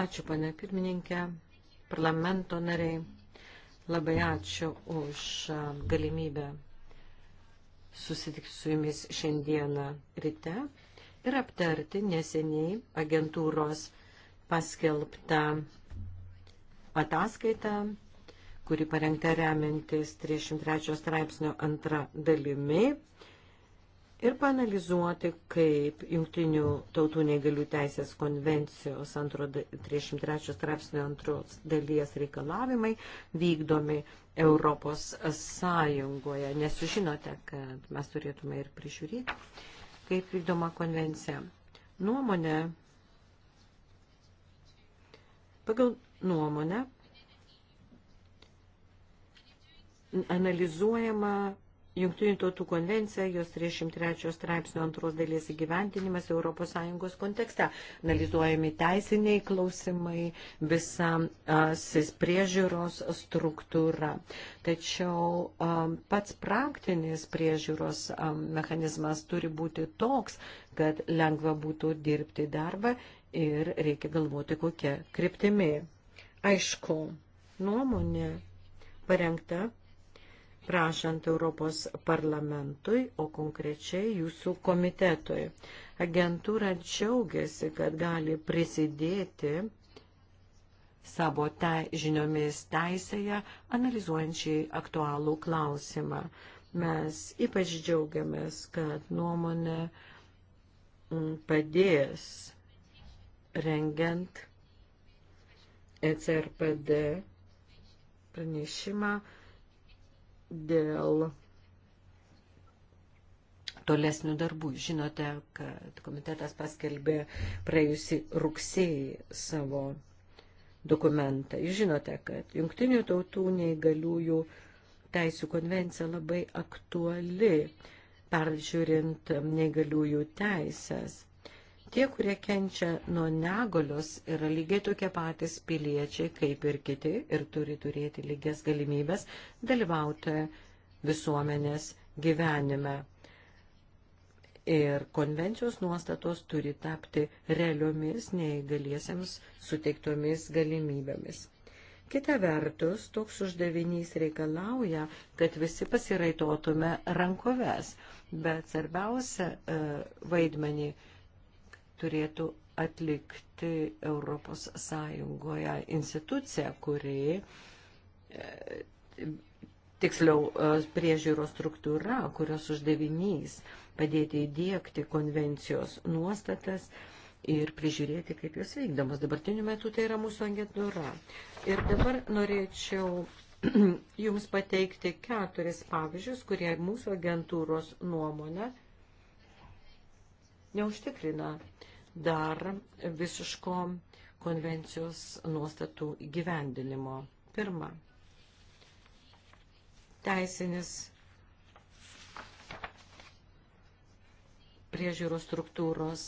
Ačiū, pane pirmininkė, parlamento nariai. Labai ačiū už galimybę susitikti su jumis šiandieną ryte ir aptarti neseniai agentūros paskelbtą ataskaitą, kuri parengta remiantis 33 straipsnio antra dalimi ir panalizuoti, kaip jungtinių tautų negalių teisės konvencijos 33 straipsnio antros dalies reikalavimai vykdomi Europos Sąjungoje. Nes jūs žinote, kad mes turėtume ir prižiūrėti, kaip vykdoma konvencija. Nuomonė. Pagal nuomonę analizuojama Junktinių tautų konvencija, jos 33 straipsnio antros dalies įgyventinimas ES kontekste. Analizuojami teisiniai klausimai, visa priežiūros struktūra. Tačiau a, pats praktinis priežiūros a, mechanizmas turi būti toks, kad lengva būtų dirbti darbą ir reikia galvoti kokia kryptimi. Aišku, nuomonė parengta prašant Europos parlamentui, o konkrečiai jūsų komitetui. Agentūra džiaugiasi, kad gali prisidėti savo te, žiniomis teisėje, analizuojančiai aktualų klausimą. Mes ypač džiaugiamės, kad nuomonė mm, padės rengiant ECRPD pranešimą dėl tolesnių darbų. Žinote, kad komitetas paskelbė praėjusi rugsėjai savo dokumentą. Jūs žinote, kad jungtinių tautų neįgaliųjų teisų konvencija labai aktuali, peržiūrint neįgaliųjų teisės. Tie, kurie kenčia nuo negolios, yra lygiai tokie patys piliečiai kaip ir kiti ir turi turėti lygias galimybės dalyvauti visuomenės gyvenime. Ir konvencijos nuostatos turi tapti realiomis neįgaliesiems suteiktomis galimybėmis. Kita vertus, toks uždavinys reikalauja, kad visi pasiraitotume rankoves, bet svarbiausia e, vaidmenį turėtų atlikti Europos Sąjungoje institucija, kuri e, tiksliau e, priežiūros struktūra, kurios uždavinys padėti įdėkti konvencijos nuostatas ir prižiūrėti, kaip jos veikdamos. Dabartiniu metu tai yra mūsų agentūra. Ir dabar norėčiau Jums pateikti keturis pavyzdžius, kurie mūsų agentūros nuomonę neužtikrina uh, dar visiško konvencijos nuostatų įgyvendinimo. Pirma, teisinis priežiūros struktūros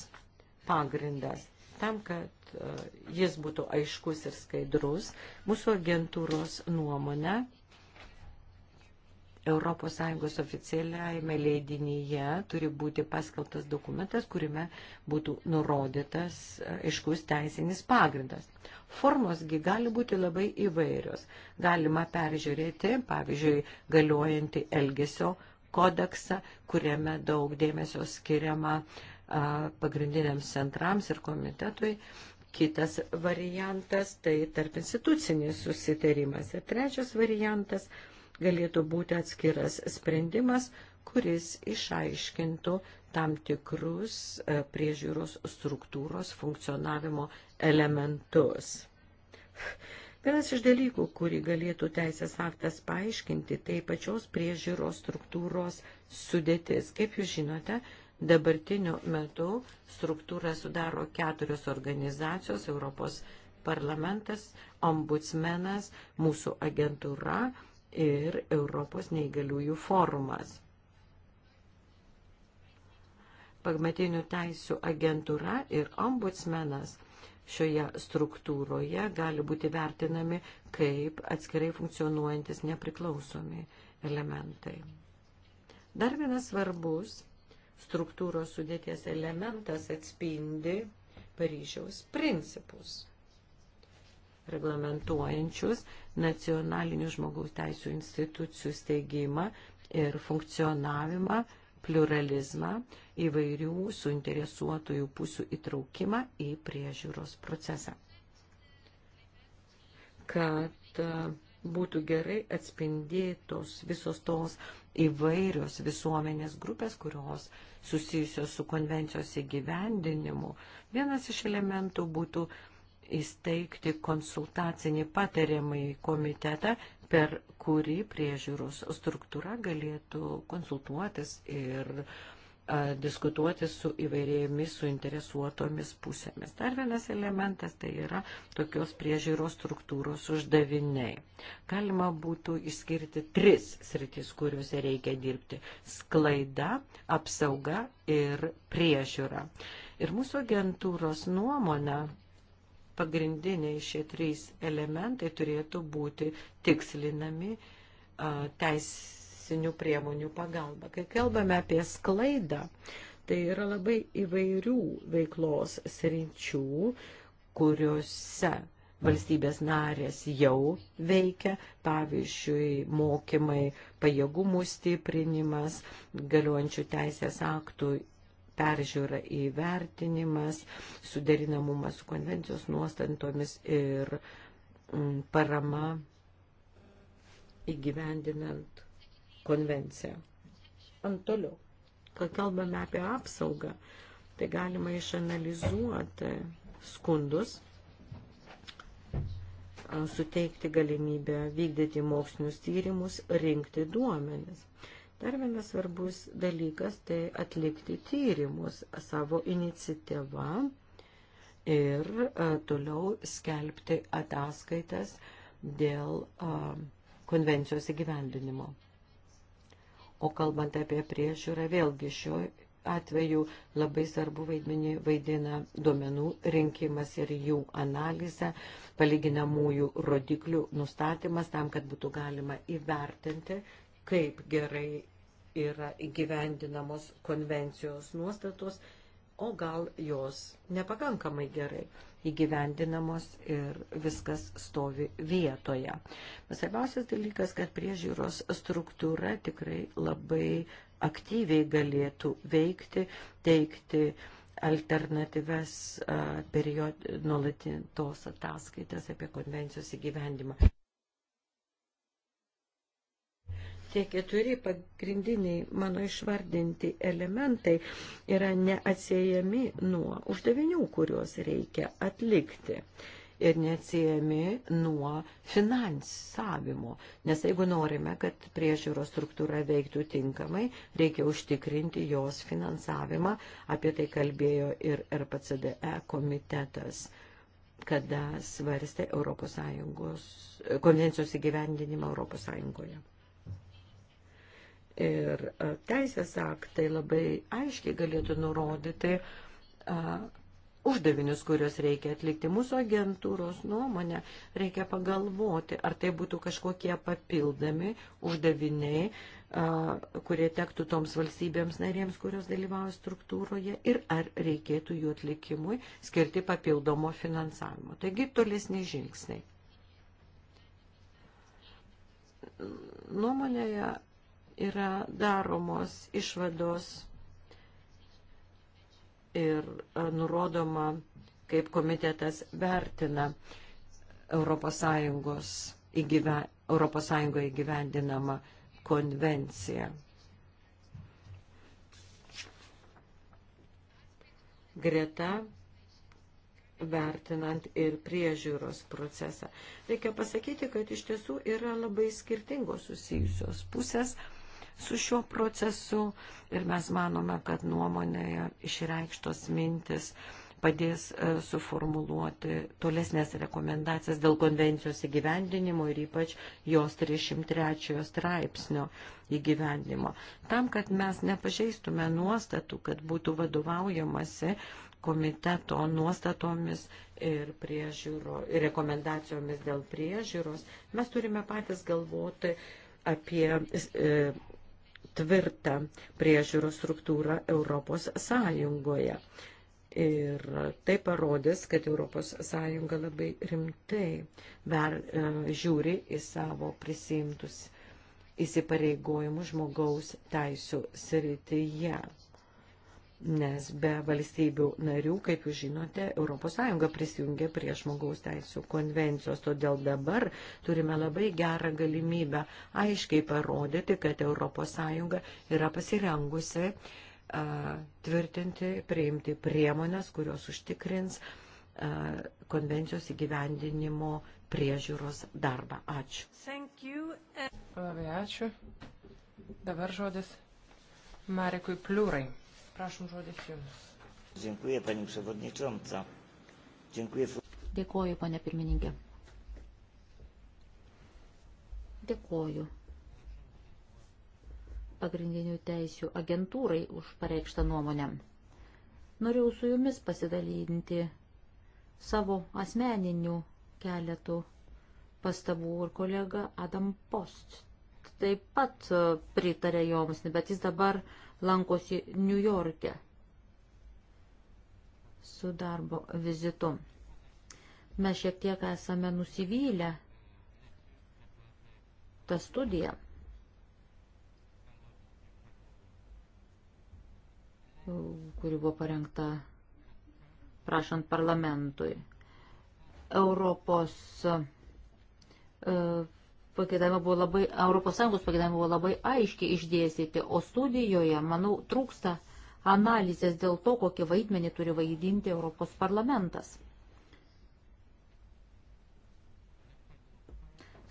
pagrindas. Tam, kad e, jis būtų aiškus ir skaidrus, mūsų agentūros nuomonė ES oficialiajame leidinyje turi būti paskeltas dokumentas, kurime būtų nurodytas e, aiškus teisinis pagrindas. Formosgi gali būti labai įvairios. Galima peržiūrėti, pavyzdžiui, galiojantį elgesio kodeksą, kuriame daug dėmesio skiriama pagrindiniams centrams ir komitetui. Kitas variantas tai tarp institucinis susitarimas. Ir trečias variantas galėtų būti atskiras sprendimas, kuris išaiškintų tam tikrus e, priežiūros struktūros funkcionavimo elementus. Vienas iš dalykų, kurį galėtų teisės aktas paaiškinti, tai pačios priežiūros struktūros sudėtis. Kaip jūs žinote, dabartiniu metu struktūrą sudaro keturios organizacijos - Europos parlamentas, ombudsmenas, mūsų agentūra ir Europos neįgaliųjų forumas. Pagmatinių teisų agentūra ir ombudsmenas šioje struktūroje gali būti vertinami kaip atskirai funkcionuojantis nepriklausomi elementai. Dar vienas svarbus struktūros sudėties elementas atspindi Paryžiaus principus reglamentuojančius nacionalinių žmogaus teisų institucijų steigimą ir funkcionavimą, pluralizmą, įvairių suinteresuotojų pusių įtraukimą į priežiūros procesą. Kad e, būtų gerai atspindėtos visos tos įvairios visuomenės grupės, kurios susijusios su konvencijos įgyvendinimu, vienas iš elementų būtų įsteigti konsultacinį patariamąjį komitetą, per kurį priežiūros struktūra galėtų konsultuotis ir a, diskutuoti su įvairėjomis suinteresuotomis pusėmis. Dar vienas elementas tai yra tokios priežiūros struktūros uždaviniai. Galima būtų išskirti tris sritis, kuriuose reikia dirbti - sklaida, apsauga ir priežiūra. Ir mūsų agentūros nuomonė pagrindiniai šie trys elementai turėtų būti tikslinami teisinių priemonių pagalba. Kai kalbame apie sklaidą, tai yra labai įvairių veiklos sričių, kuriuose valstybės narės jau veikia, pavyzdžiui, mokymai, pajėgumų stiprinimas, galiuojančių teisės aktų peržiūra įvertinimas, suderinamumas su konvencijos nuostantomis ir mm, parama įgyvendinant konvenciją. Ant toliau, kai kalbame apie apsaugą, tai galima išanalizuoti skundus, suteikti galimybę vykdyti mokslinius tyrimus, rinkti duomenis. Dar vienas svarbus dalykas - tai atlikti tyrimus savo iniciatyvą ir toliau skelbti ataskaitas dėl konvencijos įgyvendinimo. O kalbant apie priežiūrą, vėlgi šiuo atveju labai svarbu vaidmenį vaidina duomenų rinkimas ir jų analizė, palyginamųjų rodiklių nustatymas tam, kad būtų galima įvertinti, kaip gerai yra įgyvendinamos konvencijos nuostatos, o gal jos nepakankamai gerai įgyvendinamos ir viskas stovi vietoje. Svarbiausias dalykas, kad priežiūros struktūra tikrai labai aktyviai galėtų veikti, teikti alternatyves period, nuolatintos ataskaitas apie konvencijos įgyvendimą. Tie keturi pagrindiniai mano išvardinti elementai yra neatsiejami nuo uždavinių, kuriuos reikia atlikti ir neatsiejami nuo finansavimo. Nes jeigu norime, kad priežiūros struktūra veiktų tinkamai, reikia užtikrinti jos finansavimą. Apie tai kalbėjo ir RPCDE komitetas kada svarstė ES konvencijos įgyvendinimą ES. Ir e, teisės aktai labai aiškiai galėtų nurodyti a, e, uždavinius, kuriuos reikia atlikti. Mūsų agentūros nuomonė reikia pagalvoti, ar tai būtų kažkokie papildomi uždaviniai, a, e, kurie tektų toms valstybėms narėms, kurios dalyvauja struktūroje, ir ar reikėtų jų atlikimui skirti papildomo finansavimo. Taigi tolesni žingsniai. Nuomonėje yra daromos išvados ir e, nurodoma, kaip komitetas vertina ES įgyvendinamą konvenciją. Greta vertinant ir priežiūros procesą. Reikia pasakyti, kad iš tiesų yra labai skirtingos susijusios pusės, su šiuo procesu ir mes manome, kad nuomonėje išreikštos mintis padės e, suformuluoti tolesnės rekomendacijas dėl konvencijos įgyvendinimo ir ypač jos 303 straipsnio įgyvendinimo. Tam, kad mes nepažeistume nuostatų, kad būtų vadovaujamasi komiteto nuostatomis ir, priežiūro, ir rekomendacijomis dėl priežiūros, mes turime patys galvoti apie e, tvirtą priežiūros struktūrą Europos Sąjungoje. Ir tai parodys, kad Europos Sąjunga labai rimtai ver, e, žiūri į savo prisimtus įsipareigojimus žmogaus teisų srityje nes be valstybių narių, kaip jūs žinote, ES prisijungė prie žmogaus teisų konvencijos. Todėl dabar turime labai gerą galimybę aiškiai parodyti, kad ES yra pasirengusi a, tvirtinti, priimti priemonės, kurios užtikrins a, konvencijos įgyvendinimo priežiūros darbą. Ačiū. Labai ačiū. Dabar žodis Marekui Pliūrai. Prašom žodis Jums. Dziękuję, Pani Przewodnicząca. Dziękuję. Dėkuoju, ponė pirmininkė. Dėkuoju pagrindinių teisių agentūrai už pareikštą nuomonę. Norėjau su jumis pasidalinti savo asmeninių keletų pastabų ir kolega Adam Post taip pat pritarė joms, bet jis dabar lankosi New York'e su darbo vizitu. Mes šiek tiek esame nusivylę tą studiją. kuri buvo parengta prašant parlamentui. Europos uh, pagėdavimai buvo labai, ES pagėdavimai buvo labai aiškiai išdėstyti, o studijoje, manau, trūksta analizės dėl to, kokį vaidmenį turi vaidinti Europos parlamentas.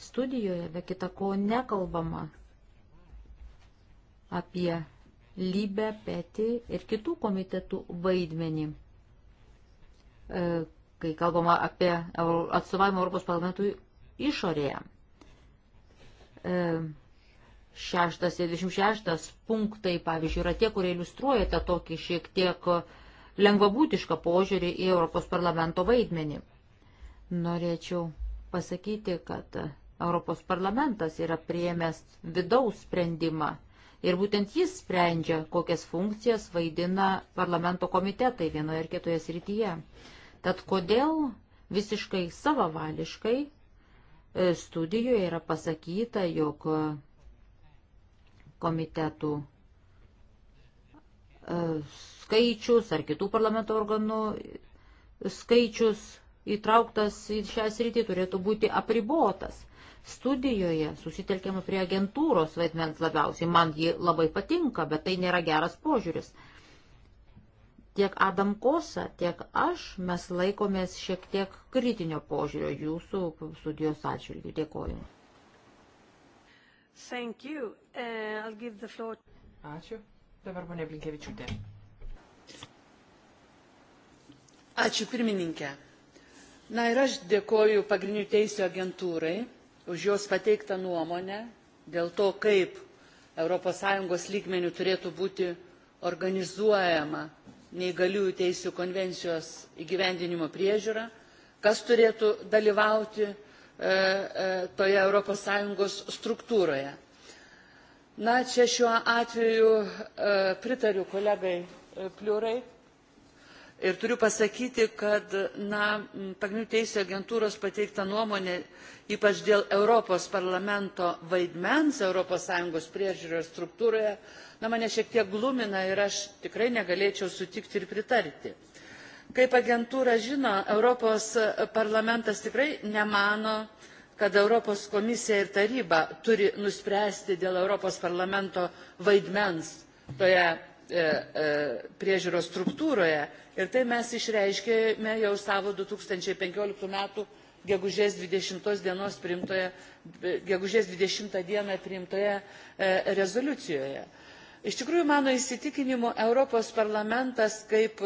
Studijoje, be kita ko, nekalbama apie lybę, petį ir kitų komitetų vaidmenį. E, kai kalbama apie atstovavimą Europos parlamentui išorėje. E, šeštas ir 26 punktai, pavyzdžiui, yra tie, kurie iliustruoja tą tokį šiek tiek lengvabūtišką požiūrį į Europos parlamento vaidmenį. Norėčiau pasakyti, kad Europos parlamentas yra priėmęs vidaus sprendimą ir būtent jis sprendžia, kokias funkcijas vaidina parlamento komitetai vienoje ar kitoje srityje. Tad kodėl visiškai savavališkai E, studijoje yra pasakyta, jog komitetų e, skaičius ar kitų parlamento organų skaičius įtrauktas į šią sritį turėtų būti apribotas. Studijoje susitelkiama prie agentūros vaidmens labiausiai. Man ji labai patinka, bet tai nėra geras požiūris. Tiek Adam Kosa, tiek aš mes laikomės šiek tiek kritinio požiūrio jūsų studijos atžvilgių. Dėkoju. Thank you. Uh, I'll give the floor. Ačiū. Dabar ponė Blinkevičiūtė. Ačiū pirmininkė. Na ir aš dėkoju pagrindinių teisų agentūrai už jos pateiktą nuomonę dėl to, kaip ES lygmenių turėtų būti organizuojama neįgaliųjų teisų konvencijos įgyvendinimo priežiūrą, kas turėtų dalyvauti e, e, toje ES struktūroje. Na, čia šiuo atveju e, pritariu kolegai Pliurai, Ir turiu pasakyti, kad na, pagrindinių teisų agentūros pateikta nuomonė, ypač dėl Europos parlamento vaidmens ES priežiūros struktūroje, na, mane šiek tiek glumina ir aš tikrai negalėčiau sutikti ir pritarti. Kaip agentūra žino, Europos parlamentas tikrai nemano, kad Europos komisija ir taryba turi nuspręsti dėl Europos parlamento vaidmens toje E, e, priežiūros struktūroje ir tai mes išreiškėme jau savo 2015 metų gegužės 20 dienos priimtoje, gegužės 20 dieną priimtoje e, rezoliucijoje. Iš tikrųjų, mano įsitikinimu, Europos parlamentas kaip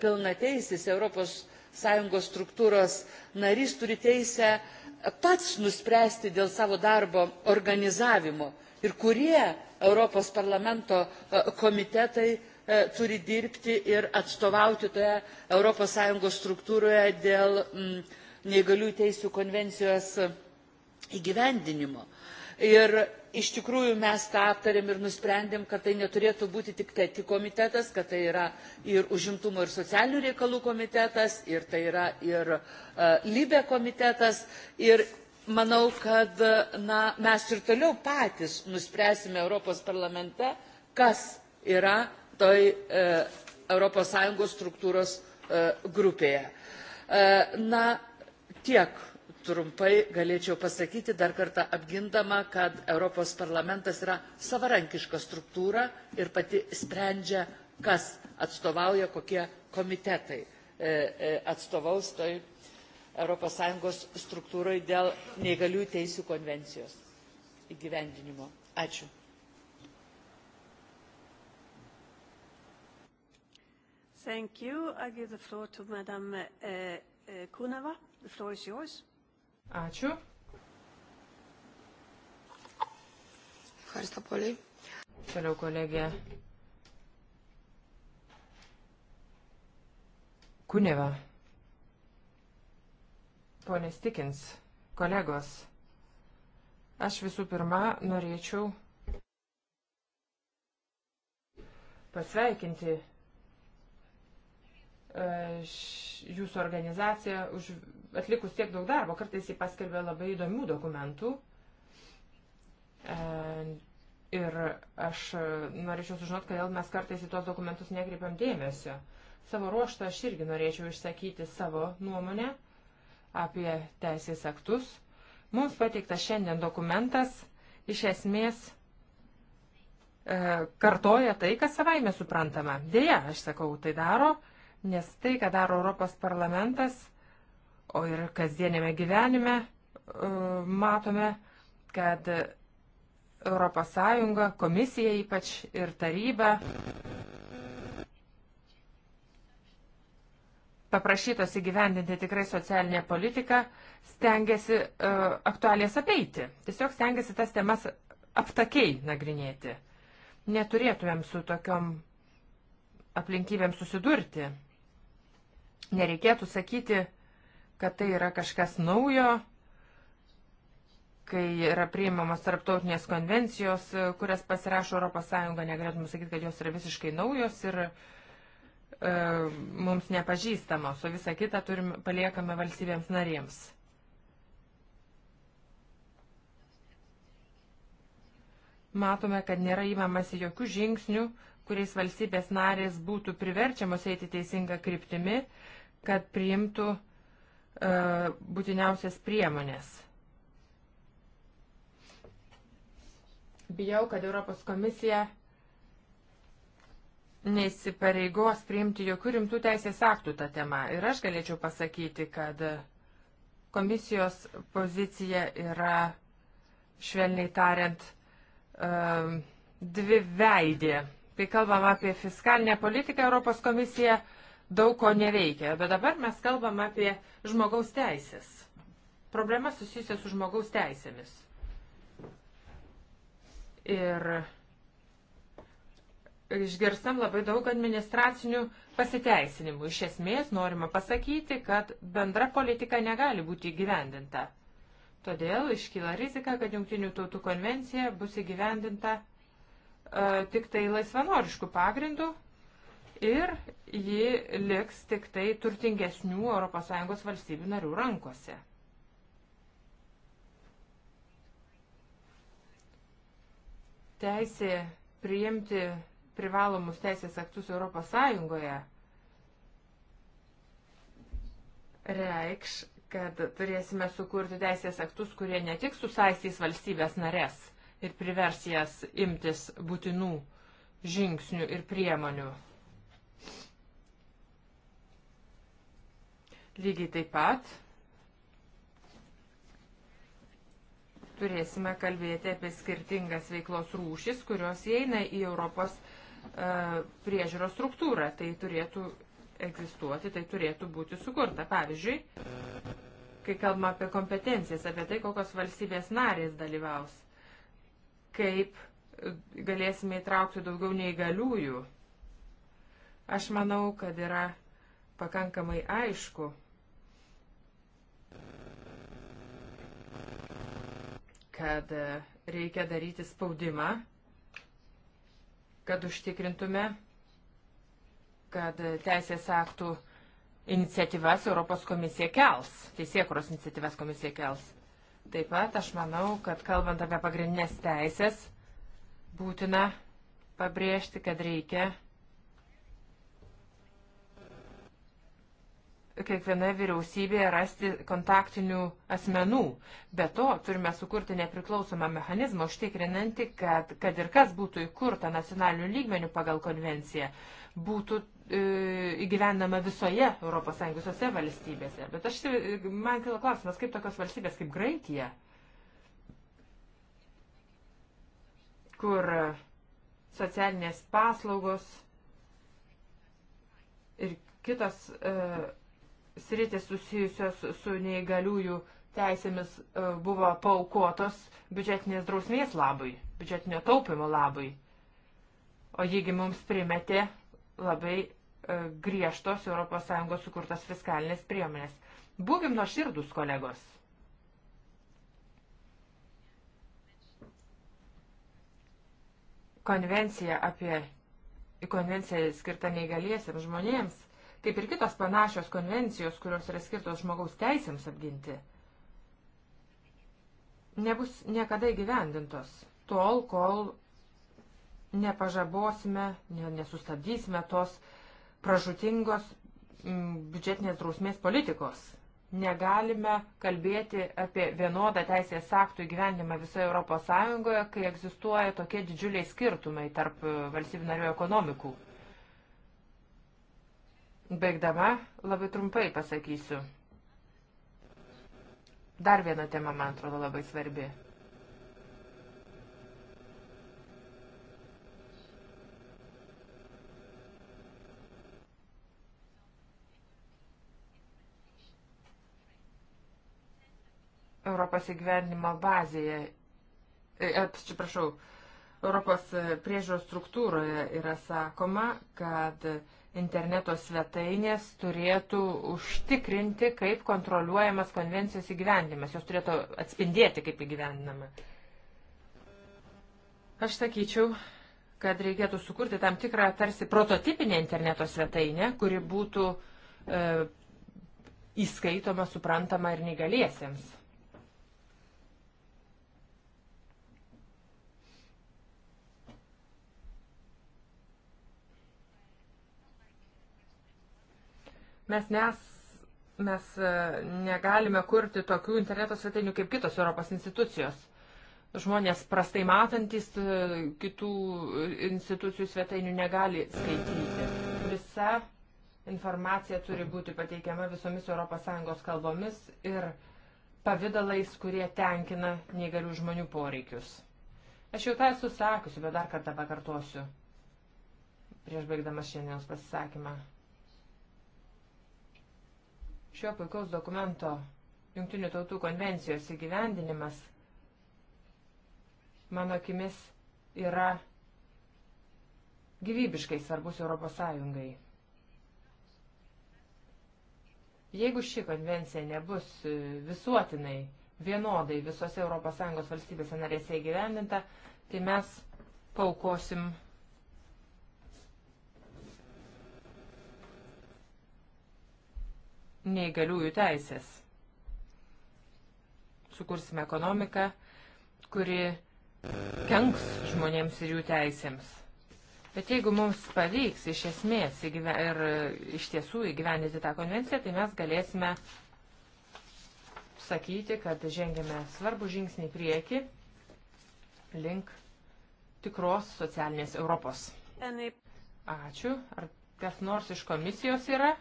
pilnateisis Europos Sąjungos struktūros narys turi teisę pats nuspręsti dėl savo darbo organizavimo ir kurie Europos parlamento e, komitetai e, turi dirbti ir atstovauti toje ES struktūroje dėl neįgaliųjų teisų konvencijos įgyvendinimo. Ir iš tikrųjų mes tą aptarėm ir nusprendėm, kad tai neturėtų būti tik tai tik komitetas, kad tai yra ir užimtumo ir socialinių reikalų komitetas, ir tai yra ir uh, e, lybė komitetas. Ir manau, kad na, mes ir toliau patys nuspręsime Europos parlamente, kas yra toj e, ES struktūros e, grupėje. E, na, tiek trumpai galėčiau pasakyti, dar kartą apgindama, kad Europos parlamentas yra savarankiška struktūra ir pati sprendžia, kas atstovauja, kokie komitetai e, e, atstovaus toj tai ES struktūrai dėl neįgaliųjų teisų konvencijos įgyvendinimo. Ačiū. Thank you. I give the floor to Madam uh, uh, Kuneva. The floor is yours. Ačiū. Ευχαριστώ πολύ. Toliau kolegė Kuneva. Pone Stikins, kolegos, aš visų pirma norėčiau pasveikinti e, jūsų organizaciją už atlikus tiek daug darbo. Kartais jį paskelbė labai įdomių dokumentų. E, ir aš norėčiau sužinoti, kodėl mes kartais į tuos dokumentus nekreipiam dėmesio. Savo ruoštą aš irgi norėčiau išsakyti savo nuomonę. Uh, apie teisės aktus. Mums pateiktas šiandien dokumentas iš esmės e, kartoja tai, kas savaime suprantama. Deja, aš sakau, tai daro, nes tai, ką daro Europos parlamentas, o ir kasdienėme gyvenime e, matome, kad ES, komisija ypač ir taryba paprašytos įgyvendinti tikrai socialinę politiką, stengiasi uh, e, aktualės apeiti. Tiesiog stengiasi tas temas aptakiai nagrinėti. Neturėtumėm su tokiom aplinkybėm susidurti. Nereikėtų sakyti, kad tai yra kažkas naujo, kai yra priimamos tarptautinės konvencijos, kurias pasirašo ES, negalėtume sakyti, kad jos yra visiškai naujos ir uh, E, mums nepažįstamos, o visą kitą turim, paliekame valstybėms narėms. Matome, kad nėra įmamasi jokių žingsnių, kuriais valstybės narės būtų priverčiamos eiti teisinga kryptimi, kad priimtų e, būtiniausias priemonės. Bijau, kad Europos komisija neįsipareigos priimti jokių rimtų teisės aktų tą temą. Ir aš galėčiau pasakyti, kad komisijos pozicija yra, švelniai tariant, um, dvi veidė. Kai kalbam apie fiskalinę politiką, Europos komisija daug ko neveikia. Bet dabar mes kalbam apie žmogaus teisės. Problema susijusia su žmogaus teisėmis. Ir išgirstam labai daug administracinių pasiteisinimų. Iš esmės norima pasakyti, kad bendra politika negali būti įgyvendinta. Todėl iškyla rizika, kad Junktinių tautų konvencija bus įgyvendinta e, tik tai laisvanoriškų pagrindų ir ji liks tik tai turtingesnių ES valstybių narių rankose. Teisė priimti privalomus teisės aktus Europos Sąjungoje, reikš, kad turėsime sukurti teisės aktus, kurie ne tik susaistys valstybės narės ir privers jas imtis būtinų žingsnių ir priemonių. Lygiai taip pat turėsime kalbėti apie skirtingas veiklos rūšis, kurios įeina į Europos E, priežiūros struktūrą. Tai turėtų egzistuoti, tai turėtų būti sukurta. Pavyzdžiui, kai kalbama apie kompetencijas, apie tai, kokios valstybės narės dalyvaus, kaip galėsime įtraukti daugiau neįgaliųjų. Aš manau, kad yra pakankamai aišku, kad reikia daryti spaudimą kad užtikrintume, kad teisės aktų iniciatyvas Europos komisija kels, teisėkuros iniciatyvas komisija kels. Taip pat aš manau, kad kalbant apie pagrindinės teisės, būtina pabrėžti, kad reikia kiekvienoje vyriausybėje rasti kontaktinių asmenų. Be to, turime sukurti nepriklausomą mechanizmą užtikrinantį, kad, kad ir kas būtų įkurta nacionalinių lygmenių pagal konvenciją, būtų e, įgyvendama visoje ES visose valstybėse. Bet aš, e, man kilo klausimas, kaip tokios valstybės kaip Graikija, kur socialinės paslaugos ir kitos e, sritis susijusios su neįgaliųjų teisėmis e, buvo paukotos biudžetinės drausmės labui, biudžetinio taupimo labui. O jiegi mums primetė labai e, griežtos ES sukurtas fiskalinės priemonės. Būkim nuo širdus, kolegos. Konvencija apie, konvencija skirta neįgaliesiams žmonėms kaip ir kitos panašios konvencijos, kurios yra skirtos žmogaus teisėms apginti, nebus niekada įgyvendintos tol, kol nepažabosime, nesustabdysime tos pražutingos mm, biudžetinės drausmės politikos. Negalime kalbėti apie vienodą teisės aktų įgyvendimą visoje ES, kai egzistuoja tokie didžiuliai skirtumai tarp e, valstybių narių ekonomikų. Baigdama labai trumpai pasakysiu. Dar viena tema, man atrodo, labai svarbi. Europos įgyvenimo bazėje, e, e, atsiprašau, Europos priežiūros struktūroje yra sakoma, kad interneto svetainės turėtų užtikrinti, kaip kontroliuojamas konvencijos įgyvendimas. Jos turėtų atspindėti, kaip įgyvendinama. Aš sakyčiau, kad reikėtų sukurti tam tikrą tarsi prototipinę interneto svetainę, kuri būtų e, įskaitoma, suprantama ir negaliesiems. Mes, nes, mes e, negalime kurti tokių interneto svetainių kaip kitos Europos institucijos. Žmonės prastai matantis e, kitų e, institucijų svetainių negali skaityti. Visa informacija turi būti pateikiama visomis ES kalbomis ir pavydalais, kurie tenkina negalių žmonių poreikius. Aš jau tą esu sakiusi, bet dar kartą pakartosiu prieš baigdamas šiandienos pasisakymą. Šio puikaus dokumento Junktinių tautų konvencijos įgyvendinimas, mano akimis, yra gyvybiškai svarbus Europos Sąjungai. Jeigu ši konvencija nebus e, visuotinai, vienodai visose ES valstybėse narėse įgyvendinta, tai mes paukosim neįgaliųjų teisės. Sukursime ekonomiką, kuri kenks žmonėms ir jų teisėms. Bet jeigu mums pavyks iš esmės įgyven, ir iš tiesų įgyvendyti tą konvenciją, tai mes galėsime sakyti, kad žengėme svarbų žingsnį prieki link tikros socialinės Europos. Ačiū. Ar kas nors iš komisijos yra?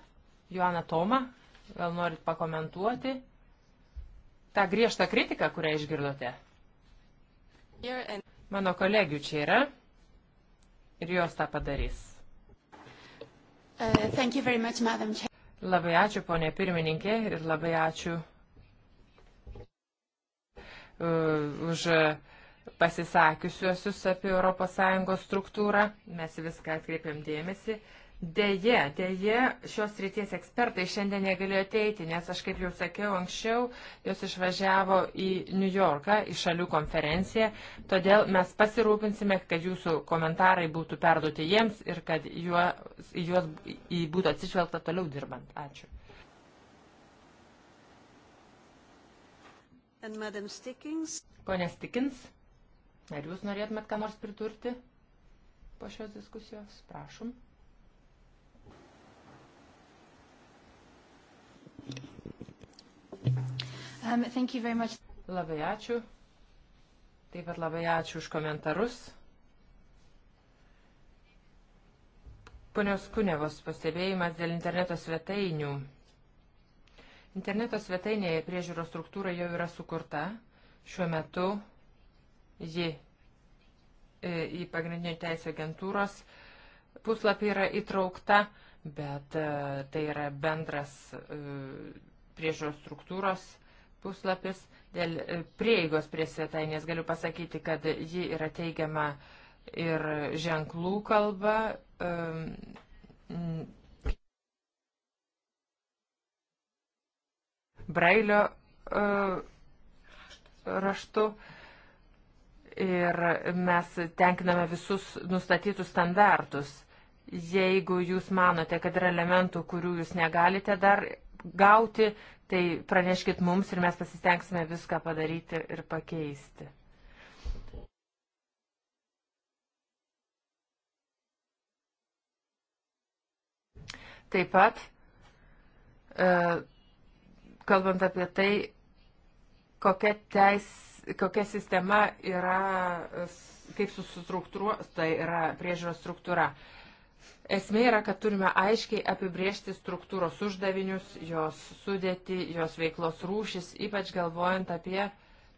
Joana Toma. Gal norit pakomentuoti tą griežtą kritiką, kurią išgirdote? Mano kolegių čia yra ir jos tą padarys. Uh, much, labai ačiū, ponė pirmininkė, ir labai ačiū uh, už. Uh, pasisakiusiuosius apie ES struktūrą. Mes viską atkreipiam dėmesį. Deja, deja, šios ryties ekspertai šiandien negalėjo ateiti, nes aš, kaip jau sakiau anksčiau, jos išvažiavo į New Yorką, į šalių konferenciją, todėl mes pasirūpinsime, kad jūsų komentarai būtų perduoti jiems ir kad juos, juos būtų atsižvelgta toliau dirbant. Ačiū. Pone Stikins, ar jūs norėtumėt ką nors pridurti po šios diskusijos? Prašom. Um, labai ačiū. Taip pat labai ačiū už komentarus. Ponios Kunevos pastebėjimas dėl interneto svetainių. Interneto svetainėje priežiūros struktūra jau yra sukurta. Šiuo metu ji e, į pagrindinių teisų agentūros puslapį yra įtraukta, bet e, tai yra bendras e, priežiūros struktūros puslapis. Dėl e, prieigos prie svetainės galiu pasakyti, kad ji yra teigiama ir ženklų kalba. Brailio e, raštu ir mes tenkiname visus nustatytus standartus. Jeigu jūs manote, kad yra elementų, kurių jūs negalite dar gauti, tai praneškit mums ir mes pasistengsime viską padaryti ir pakeisti. Taip pat, e, kalbant apie tai, kokia, teis, kokia sistema yra, kaip sustruktūruota tai yra priežiūros struktūra. struktūra Esmė yra, kad turime aiškiai apibriežti struktūros uždavinius, jos sudėti, jos veiklos rūšis, ypač galvojant apie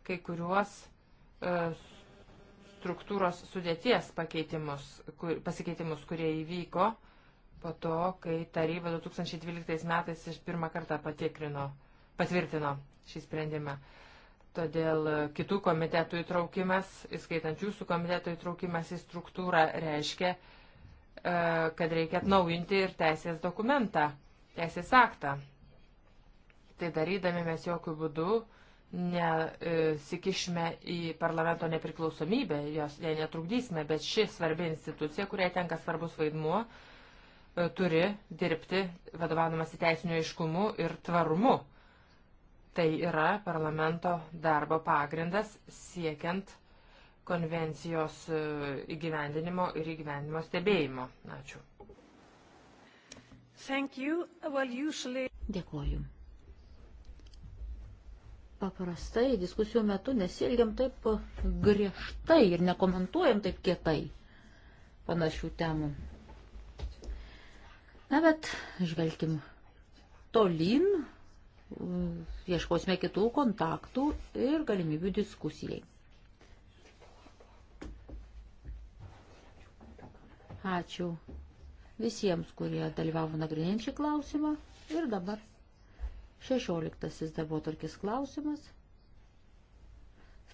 kai kuriuos e, struktūros sudėties kur, pasikeitimus, kurie įvyko po to, kai taryba 2012 metais iš pirmą kartą patikrino, patvirtino šį sprendimą. Todėl kitų komitetų įtraukimas, įskaitant jūsų komitetų įtraukimas į struktūrą, reiškia, E, kad reikia atnaujinti ir teisės dokumentą, teisės aktą. Tai darydami mes jokių būdų nesikišime į parlamento nepriklausomybę, jos jai netrukdysime, bet ši svarbi institucija, kuriai tenka svarbus vaidmuo, e, turi dirbti vadovaudamas į teisinių aiškumų ir tvarumu. Tai yra parlamento darbo pagrindas siekiant konvencijos e, įgyvendinimo ir įgyvendinimo stebėjimo. Ačiū. Well, usually... Dėkuoju. Paprastai diskusijų metu nesielgiam taip griežtai ir nekomentuojam taip kietai panašių temų. Na bet žvelgim tolyn, ieškosime kitų kontaktų ir galimybių diskusijai. Ačiū visiems, kurie dalyvavo nagrinėjant šį klausimą. Ir dabar šešioliktasis darbo tarkis klausimas.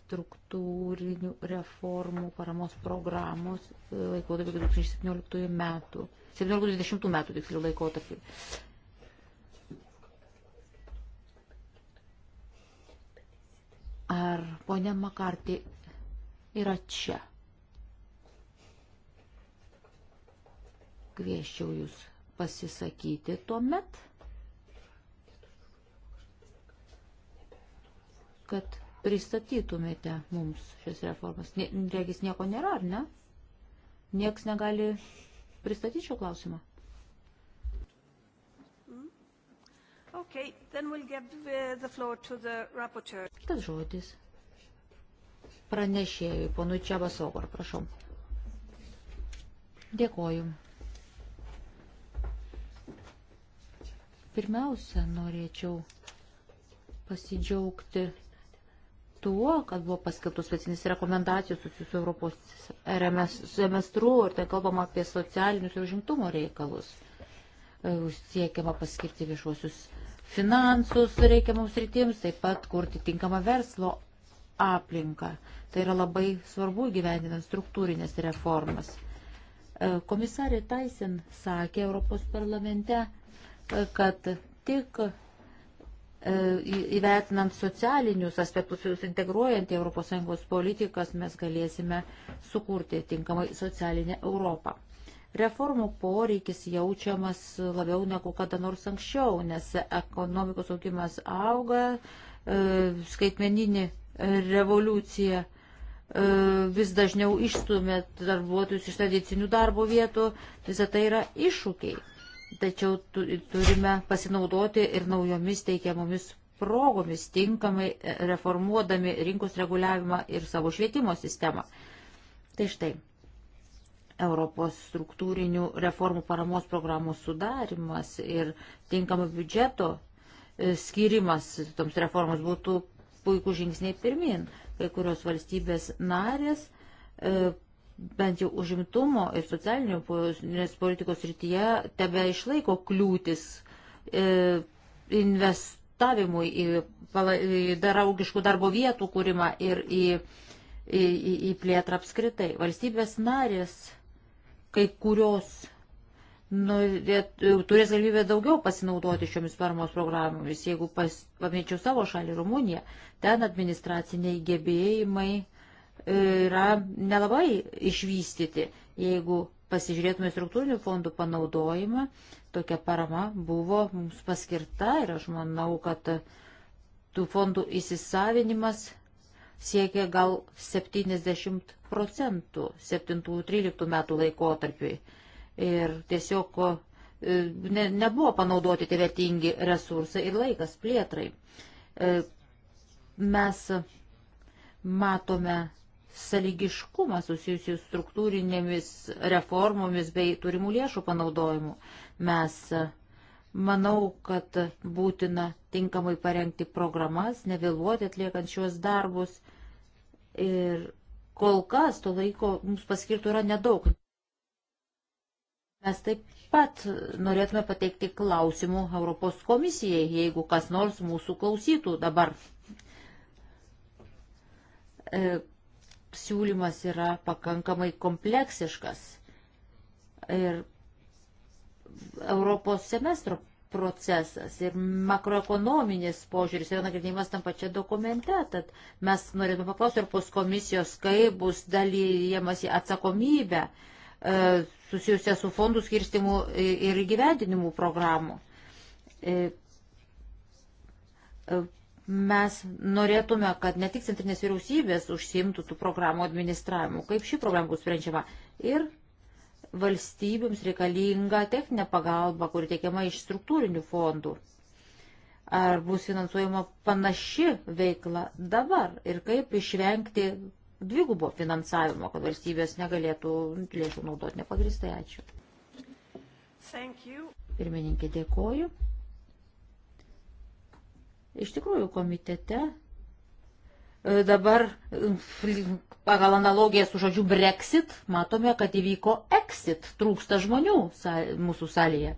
Struktūrinių reformų paramos programos e, laikotarpį 2017 metų. 17-20 metų tiksliau laikotarpį. Ar ponia Makarti yra čia? Kvieščiau jūs pasisakyti tuo met, kad pristatytumėte mums šias reformas. Regis nieko nėra, ar ne? Niekas negali pristatyti šio klausimą. Mm-hmm. Okay, then we'll give the floor to the rapporteur. Kitas žodis. Pranešėjui, ponui Čiabasogor, prašau. Dėkoju. Pirmiausia, norėčiau pasidžiaugti tuo, kad buvo paskelbtos specialinis rekomendacijos susijusiu Europos RMS, semestru ir ten kalbama apie socialinius ir užimtumo reikalus. E, siekiama paskirti viešuosius finansus reikiamams rytims, taip pat kurti tinkamą verslo aplinką. Tai yra labai svarbu gyvendinant struktūrinės reformas. E, komisarė Taisen sakė Europos parlamente, kad tik e, įvertinant socialinius aspektus, jūs integruojant į ES politikas, mes galėsime sukurti tinkamai socialinę Europą. Reformų poreikis jaučiamas labiau negu kada nors anksčiau, nes ekonomikos augimas auga, e, skaitmeninė revoliucija e, vis dažniau išstumė darbuotojus iš tradicinių darbo vietų, visą tai yra iššūkiai tačiau turime pasinaudoti ir naujomis teikiamomis progomis tinkamai reformuodami rinkos reguliavimą ir savo švietimo sistemą. Tai štai, Europos struktūrinių reformų paramos programų sudarimas ir tinkamo biudžeto e, skirimas toms reformos būtų puikų žingsniai pirmin. Kai kurios valstybės narės e, bent jau užimtumo ir socialinės politikos rytyje tebe išlaiko kliūtis e, investavimui į, į daraugiškų darbo vietų kūrimą ir į, į, į, į plėtrą apskritai. Valstybės narės, kai kurios nu, turės galimybę daugiau pasinaudoti šiomis paramos programomis. Jeigu pas, pamėčiau savo šalį Rumuniją, ten administraciniai gebėjimai yra nelabai išvystyti. Jeigu pasižiūrėtume struktūrinių fondų panaudojimą, tokia parama buvo mums paskirta ir aš manau, kad tų fondų įsisavinimas siekia gal 70 procentų 7-13 metų laikotarpiui. Ir tiesiog e, ne, nebuvo panaudoti tie vertingi resursai ir laikas plėtrai. E, mes matome saligiškumą susijusiu struktūrinėmis reformomis bei turimų lėšų panaudojimu. Mes e, manau, kad būtina tinkamai parengti programas, nevėluoti atliekant šiuos darbus ir kol kas to laiko mums paskirtų yra nedaug. Mes taip pat norėtume pateikti klausimų Europos komisijai, jeigu kas nors mūsų klausytų dabar e, siūlymas yra pakankamai kompleksiškas. Ir Europos semestro procesas ir makroekonominis požiūris yra nagrinėjimas tam pačia dokumente. Tad mes norėtume paklausti Europos komisijos, kaip bus dalyjamas į atsakomybę e, susijusią su fondų skirstimu ir gyvendinimų programų. E, e, Mes norėtume, kad ne tik centrinės vyriausybės užsimtų tų programų administravimu, kaip ši problema bus sprendžiama. Ir valstybėms reikalinga techninė pagalba, kuri teikiama iš struktūrinių fondų. Ar bus finansuojama panaši veikla dabar ir kaip išvengti dvigubo finansavimo, kad valstybės negalėtų lėšų naudoti nepagristai. Ačiū. Pirmininkė, dėkoju. Iš tikrųjų, komitete e, dabar pagal analogiją su žodžiu Brexit matome, kad įvyko exit, trūksta žmonių mūsų salėje.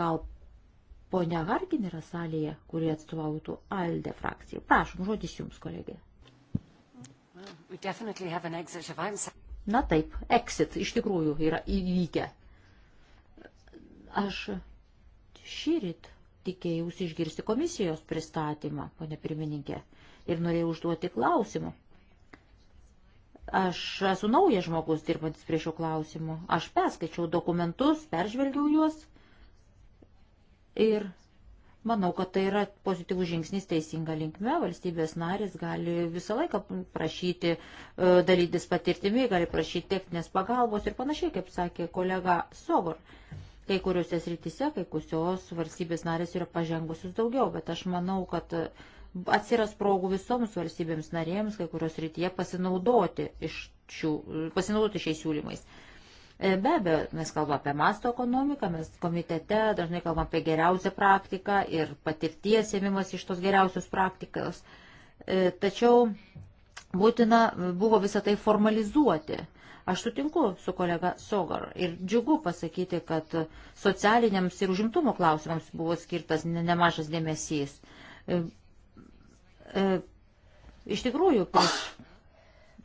Gal ponia Hargin yra salėje, kuri atstovautų ALDE frakcijai. Prašom, žodis jums, kolegė. Na taip, exit iš tikrųjų yra įvykę. Aš Šyrit tikėjausi išgirsti komisijos pristatymą, ponė pirmininkė, ir norėjau užduoti klausimų. Aš esu naujas žmogus dirbantis prie šio klausimų. Aš perskaičiau dokumentus, peržvelgiau juos ir manau, kad tai yra pozityvų žingsnis teisinga linkme. Valstybės narės gali visą laiką prašyti e, dalytis patirtimi, gali prašyti techninės pagalbos ir panašiai, kaip sakė kolega Sogor. Kai kuriuose srityse, kai kurios valstybės narės yra pažengusius daugiau, bet aš manau, kad e, atsiras progų visoms valstybėms narėms, kai kurios rytyje pasinaudoti, šių, e, pasinaudoti šiais siūlymais. E, be abejo, mes kalbame apie masto ekonomiką, mes komitete dažnai kalbame apie geriausią praktiką ir patirties ėmimas iš tos geriausios praktikos. Tačiau būtina buvo visą tai formalizuoti. Aš sutinku su kolega Sogar ir džiugu pasakyti, kad socialiniams ir užimtumo klausimams buvo skirtas nemažas dėmesys. E, e, iš tikrųjų, prieš,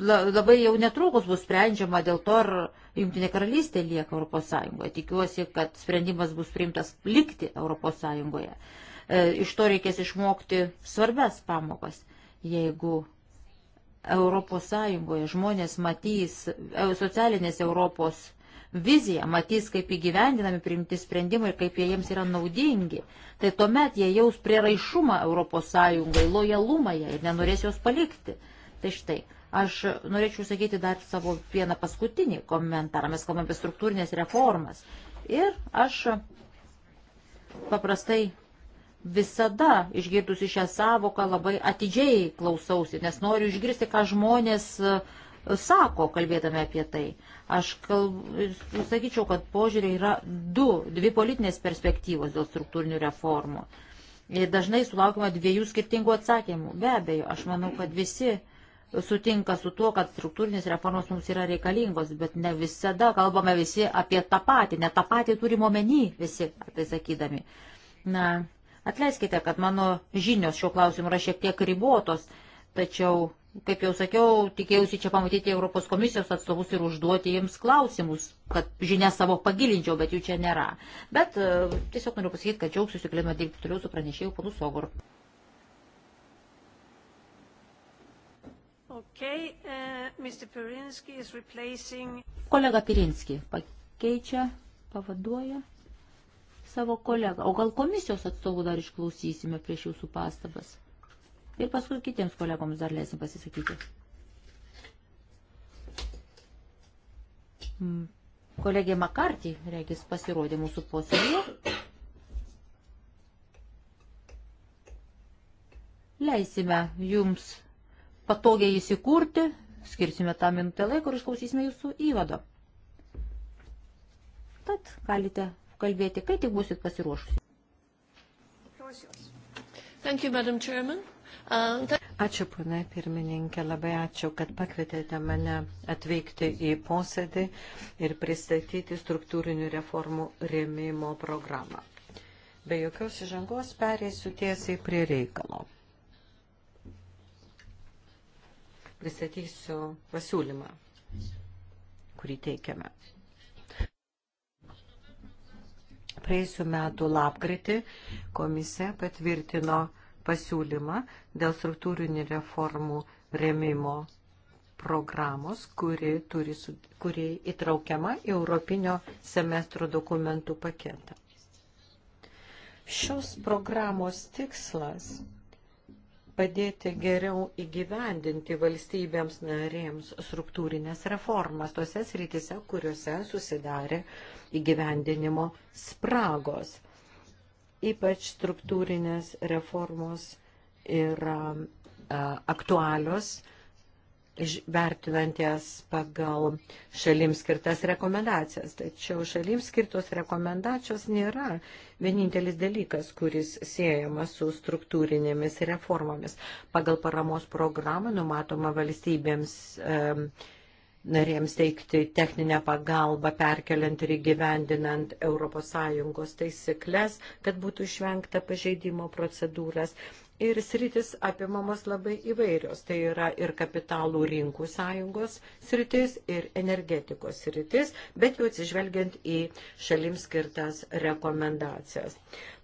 la, labai jau netrukus bus sprendžiama dėl to, ar Junktinė karalystė lieka Europos Sąjungoje. Tikiuosi, kad sprendimas bus priimtas likti Europos Sąjungoje. E, iš to reikės išmokti svarbes pamokas, jeigu Europos Sąjungoje žmonės matys e, socialinės Europos viziją, matys, kaip įgyvendinami priimti sprendimai ir kaip jie jiems yra naudingi, tai tuomet jie jaus prieraišumą Europos Sąjungai, lojalumą jai ir nenorės jos palikti. Tai štai, aš norėčiau sakyti dar savo vieną paskutinį komentarą, mes kalbame apie struktūrinės reformas. Ir aš paprastai visada išgirdusi šią savoką labai atidžiai klausausi, nes noriu išgirsti, ką žmonės e, sako, kalbėdami apie tai. Aš kalb... sakyčiau, kad požiūrė yra du, dvi politinės perspektyvos dėl struktūrinių reformų. Ir dažnai sulaukime dviejų skirtingų atsakymų. Be abejo, aš manau, kad visi sutinka su tuo, kad struktūrinės reformos mums yra reikalingos, bet ne visada kalbame visi apie tą patį, ne tą patį turime omeny visi, tai sakydami. Na, Atleiskite, kad mano žinios šiuo klausimu yra šiek tiek ribotos, tačiau, kaip jau sakiau, tikėjausi čia pamatyti Europos komisijos atstovus ir užduoti jiems klausimus, kad žinią savo pagilinčiau, bet jų čia nėra. Bet e, tiesiog noriu pasakyti, kad džiaugsiuosi galima dirbti toliau su pranešėju panu Sogor. Okay, uh, Kolega Pirinski pakeičia, pavaduoja savo kolegą. O gal komisijos atstovų dar išklausysime prieš jūsų pastabas. Ir paskui kitiems kolegoms dar leisim pasisakyti. Mm. Kolegė Makartį, regis, pasirodė mūsų posėdėje. Leisime jums patogiai įsikurti, skirsime tą minutę laiko ir išklausysime jūsų įvado. Tad galite kalbėti, kai tik būsit pasiruošusi. Uh, ačiū, pana pirmininkė, labai ačiū, kad pakvietėte mane atvykti į posėdį ir pristatyti struktūrinių reformų rėmimo programą. Be jokios įžangos perėsiu tiesiai prie reikalo. Pristatysiu pasiūlymą, kurį teikiame praėjusiu metu lapkritį komisija patvirtino pasiūlymą dėl struktūrinių reformų remimo programos, kuri, turi, kuri įtraukiama į Europinio semestro dokumentų paketą. Šios programos tikslas padėti geriau įgyvendinti valstybėms narėms struktūrinės reformas tose srityse, kuriuose susidarė įgyvendinimo spragos. Ypač struktūrinės reformos yra aktualios vertinant jas pagal šalims skirtas rekomendacijas. Tačiau šalims skirtos rekomendacijos nėra vienintelis dalykas, kuris siejamas su struktūrinėmis reformomis. Pagal paramos programą numatoma valstybėms e, narėms teikti techninę pagalbą, perkeliant ir įgyvendinant ES taisyklės, kad būtų išvengta pažeidimo procedūras ir sritis apimamos labai įvairios. Tai yra ir kapitalų rinkų sąjungos sritis, ir energetikos sritis, bet jau atsižvelgiant į šalims skirtas rekomendacijas.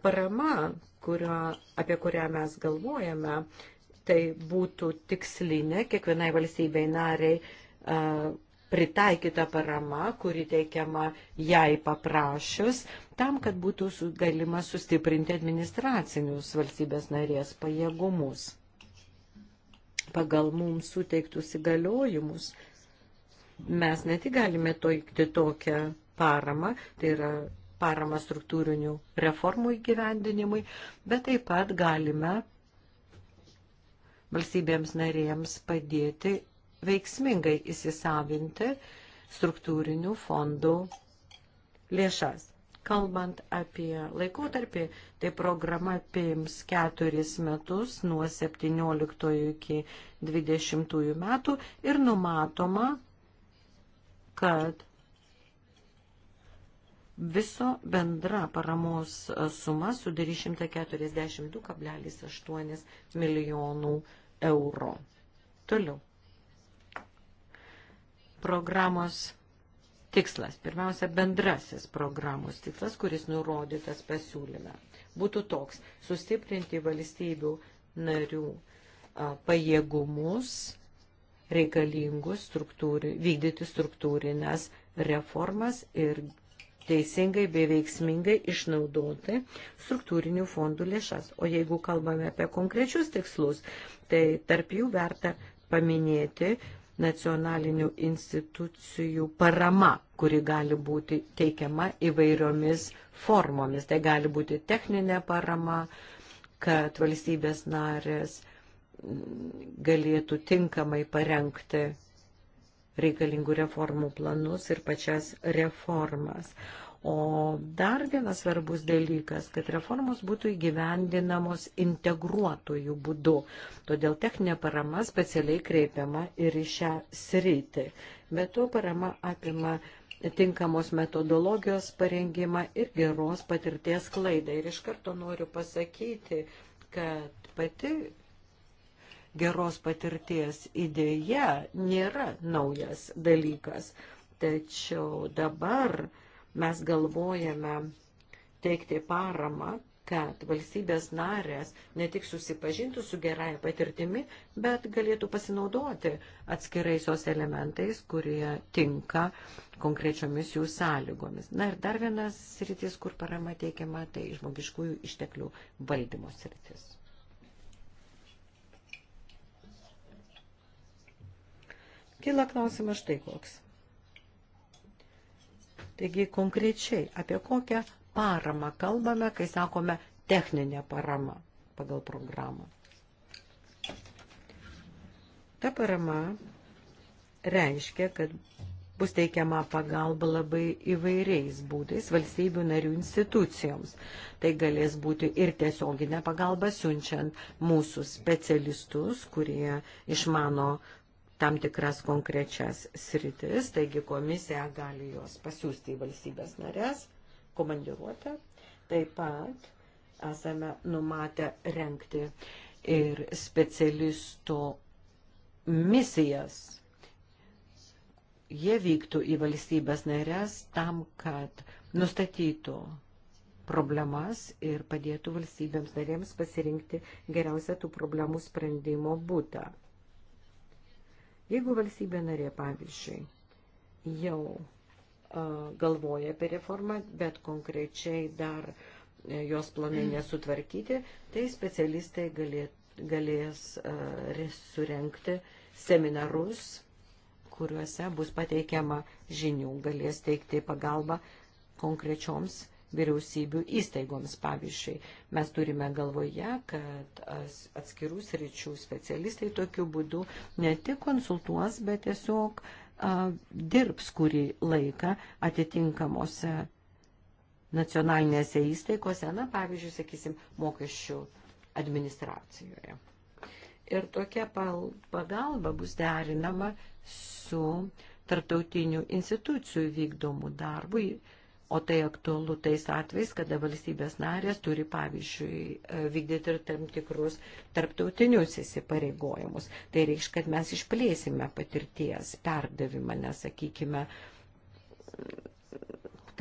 Parama, kurio, apie kurią mes galvojame, tai būtų tikslinė kiekvienai valstybei nariai pritaikyta parama, kuri teikiama jai paprašius, tam, kad būtų galima sustiprinti administracinius valstybės narės pajėgumus. Pagal mums suteiktus įgaliojimus mes ne tik galime toikti tokią paramą, tai yra paramą struktūrinių reformų įgyvendinimui, bet taip pat galime valstybėms narėms padėti veiksmingai įsisavinti struktūrinių fondų lėšas. Kalbant apie laikotarpį, tai programa apims keturis metus nuo 17 iki 20 metų ir numatoma, kad viso bendra paramos suma sudarys 142,8 milijonų eurų. Toliau programos tikslas, pirmiausia, bendrasis programos tikslas, kuris nurodytas pasiūlyme, būtų toks - sustiprinti valstybių narių a, pajėgumus reikalingus struktūri, vykdyti struktūrinės reformas ir teisingai bei veiksmingai išnaudoti struktūrinių fondų lėšas. O jeigu kalbame apie konkrečius tikslus, tai tarp jų verta paminėti nacionalinių institucijų parama, kuri gali būti teikiama įvairiomis formomis. Tai gali būti techninė parama, kad valstybės narės galėtų tinkamai parengti reikalingų reformų planus ir pačias reformas. O dar vienas svarbus dalykas, kad reformos būtų įgyvendinamos integruotojų būdu. Todėl techninė parama specialiai kreipiama ir į šią sritį. Bet to parama apima tinkamos metodologijos parengimą ir geros patirties klaidą. Ir iš karto noriu pasakyti, kad pati geros patirties idėja nėra naujas dalykas. Tačiau dabar uh, Mes galvojame teikti paramą, kad valstybės narės ne tik susipažintų su gerąją patirtimi, bet galėtų pasinaudoti atskirais jos elementais, kurie tinka konkrečiomis jų sąlygomis. Na ir dar vienas sritis, kur parama teikiama, tai žmogiškųjų išteklių valdymo sritis. Kila klausimas štai koks. Taigi konkrečiai apie kokią paramą kalbame, kai sakome techninė parama pagal programą. Ta parama reiškia, kad bus teikiama pagalba labai įvairiais būdais valstybių narių institucijoms. Tai galės būti ir tiesioginė pagalba siunčiant mūsų specialistus, kurie išmano tam tikras konkrečias sritis, taigi komisija gali juos pasiūsti į valstybės narės, komandiruotę. Taip pat esame numatę renkti ir specialisto misijas. Jie vyktų į valstybės narės tam, kad nustatytų problemas ir padėtų valstybėms narėms pasirinkti geriausią tų problemų sprendimo būdą. Jeigu valstybė narė, pavyzdžiui, jau galvoja apie reformą, bet konkrečiai dar e, jos planai mm. nesutvarkyti, tai specialistai galėtų galės surenkti seminarus, kuriuose bus pateikiama žinių, galės teikti pagalbą konkrečioms vyriausybių įstaigoms. Pavyzdžiui, mes turime galvoje, kad atskirų sričių specialistai tokiu būdu ne tik konsultuos, bet tiesiog a, dirbs kurį laiką atitinkamose nacionalinėse įstaigose, na, pavyzdžiui, sakysim, mokesčių administracijoje. Ir tokia pagalba bus derinama su tarptautinių institucijų vykdomų darbui O tai aktualu tais atvejais, kada valstybės narės turi, pavyzdžiui, vykdyti ir tam tikrus tarptautinius įsipareigojimus. Tai reikš, kad mes išplėsime patirties perdavimą, nes, sakykime,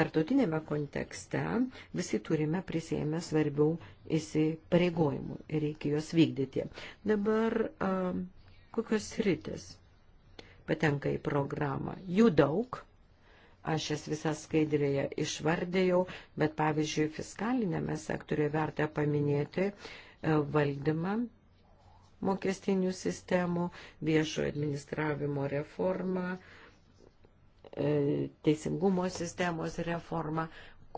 tarptautinėme kontekste visi turime prisėmę svarbių įsipareigojimų ir reikia juos vykdyti. Dabar kokios rytis patenka į programą? Jų daug Aš jas visas skaidrėje išvardėjau, bet pavyzdžiui, fiskalinėme sektoriuje verta paminėti e, valdymą mokestinių sistemų, viešo administravimo reformą, e, teisingumo sistemos reformą,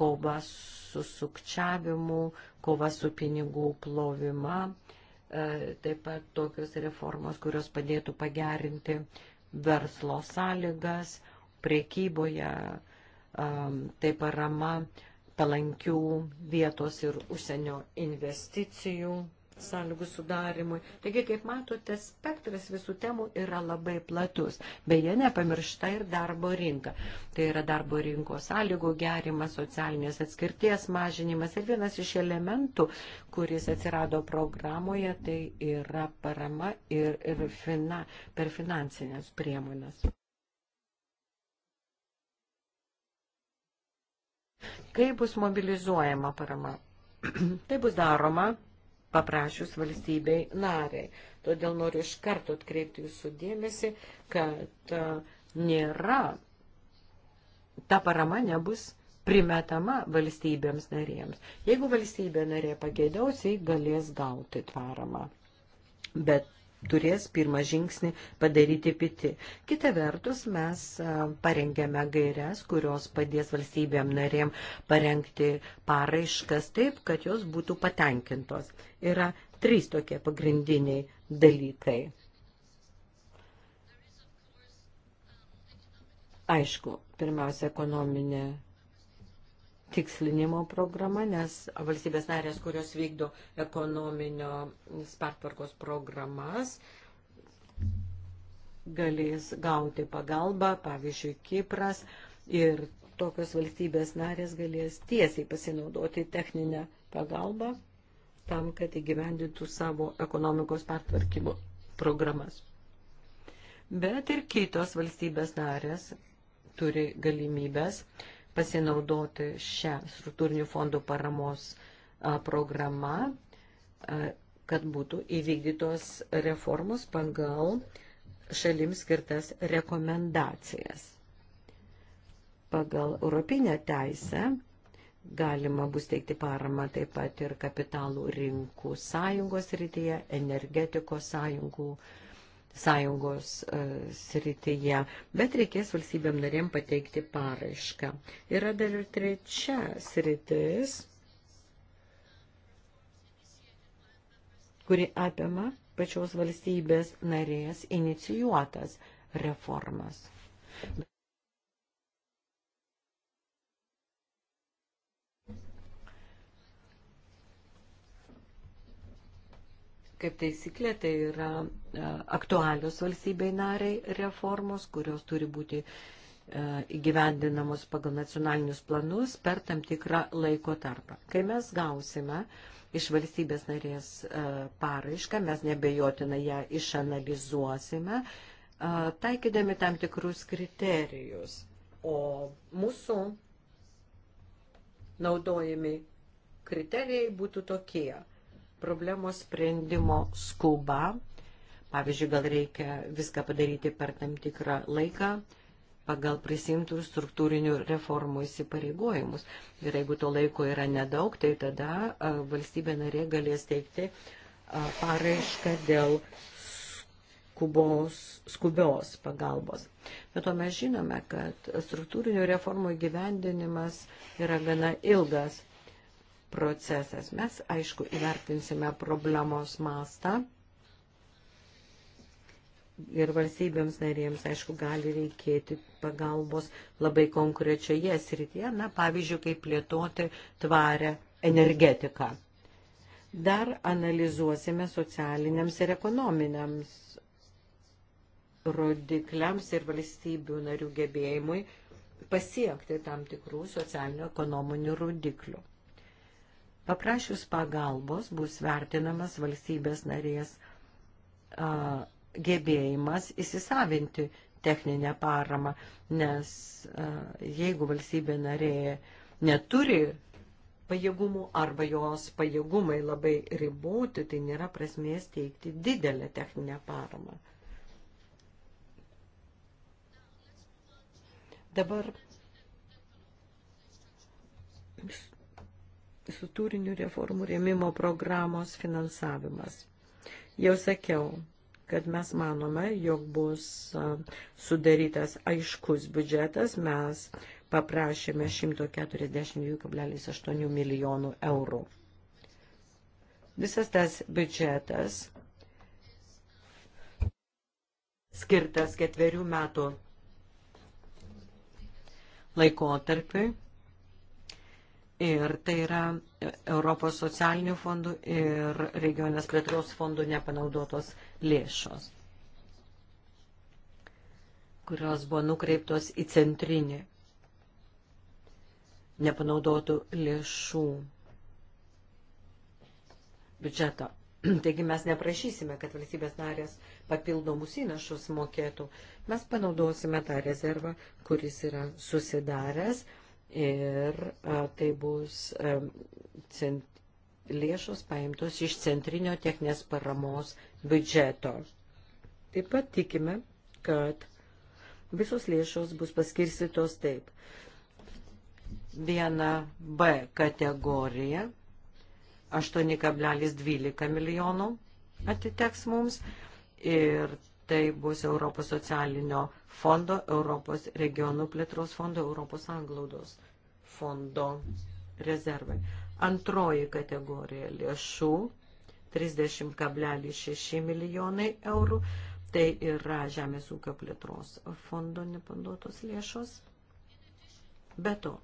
kova su sukčiavimu, kova su pinigų plovima, e, taip pat tokios reformos, kurios padėtų pagerinti verslo sąlygas, priekyboje, tai parama palankių vietos ir užsienio investicijų sąlygų sudarimui. Taigi, kaip matote, spektras visų temų yra labai platus. Beje, nepamiršta ir darbo rinka. Tai yra darbo rinkos sąlygų gerimas, socialinės atskirties mažinimas. Ir vienas iš elementų, kuris atsirado programoje, tai yra parama ir, ir fina, per finansinės priemonės. Kaip bus mobilizuojama parama? tai bus daroma paprašius valstybei nariai. Todėl noriu iš karto atkreipti jūsų dėmesį, kad nėra, ta parama nebus primetama valstybėms narėms. Jeigu valstybė narė pagėdaus, jį galės gauti paramą. Bet turės pirmą žingsnį padaryti piti. Kita vertus, mes parengėme gairias, kurios padės valstybėm narėm parengti paraiškas taip, kad jos būtų patenkintos. Yra trys tokie pagrindiniai dalykai. Aišku, pirmiausia, ekonominė tikslinimo programa, nes valstybės narės, kurios vykdo ekonominio spartvarkos programas, galės gauti pagalbą, pavyzdžiui, Kipras ir tokios valstybės narės galės tiesiai pasinaudoti techninę pagalbą tam, kad įgyvendintų savo ekonomikos pertvarkymo programas. Bet ir kitos valstybės narės turi galimybės pasinaudoti šią struktūrinių fondų paramos programą, kad būtų įvykdytos reformos pagal šalims skirtas rekomendacijas. Pagal europinę teisę galima bus teikti paramą taip pat ir kapitalų rinkų sąjungos rytyje, energetikos sąjungų uh, sąjungos e, srityje, bet reikės valstybėm narėm pateikti paraišką. Yra dar ir trečia sritis, kuri apima pačios valstybės narės inicijuotas reformas. Kaip taisyklė, tai yra e, aktualios valstybei nariai reformos, kurios turi būti e, įgyvendinamos pagal nacionalinius planus per tam tikrą laiko tarpą. Kai mes gausime iš valstybės narės e, paraišką, mes nebejotinai ją išanalizuosime, taikydami tam tikrus kriterijus. O mūsų naudojami kriterijai būtų tokie problemos sprendimo skuba. Pavyzdžiui, gal reikia viską padaryti per tam tikrą laiką pagal prisimtų struktūrinių reformų įsipareigojimus. Ir jeigu to laiko yra nedaug, tai tada valstybė narė galės teikti paraišką dėl skubos, skubios pagalbos. Bet to mes žinome, kad struktūrinių reformų įgyvendinimas yra gana ilgas procesas. Mes, aišku, įvertinsime problemos mastą ir valstybėms narėms, aišku, gali reikėti pagalbos labai konkrečioje srityje, na, pavyzdžiui, kaip plėtoti tvarę energetiką. Dar analizuosime socialiniams ir ekonominiams rodikliams ir valstybių narių gebėjimui pasiekti tam tikrų socialinių ekonominių rodiklių. Paprašius pagalbos bus vertinamas valstybės narės a, gebėjimas įsisavinti techninę paramą, nes a, jeigu valstybė narė neturi pajėgumų arba jos pajėgumai labai riboti, tai nėra prasmės teikti didelę techninę paramą. Dabar struktūrinių reformų rėmimo programos finansavimas. Jau sakiau, kad mes manome, jog bus sudarytas aiškus biudžetas, mes paprašėme 142,8 milijonų eurų. Visas tas biudžetas skirtas ketverių metų laikotarpiui Ir tai yra Europos socialinių fondų ir regionės plėtros fondų nepanaudotos lėšos, kurios buvo nukreiptos į centrinį nepanaudotų lėšų biudžetą. Taigi mes neprašysime, kad valstybės narės papildomus įnašus mokėtų. Mes panaudosime tą rezervą, kuris yra susidaręs ir tai bus lėšos paimtos iš centrinio techninės paramos biudžeto. Taip pat tikime, kad visos lėšos bus paskirstytos taip. Viena B kategorija 8,12 milijonų atiteks mums ir tai bus Europos socialinio fondo, Europos regionų plėtros fondo, Europos anglaudos fondo rezervai. Antroji kategorija lėšų 30,6 milijonai eurų. Tai yra Žemės ūkio plėtros fondo nepanduotos lėšos. Be to,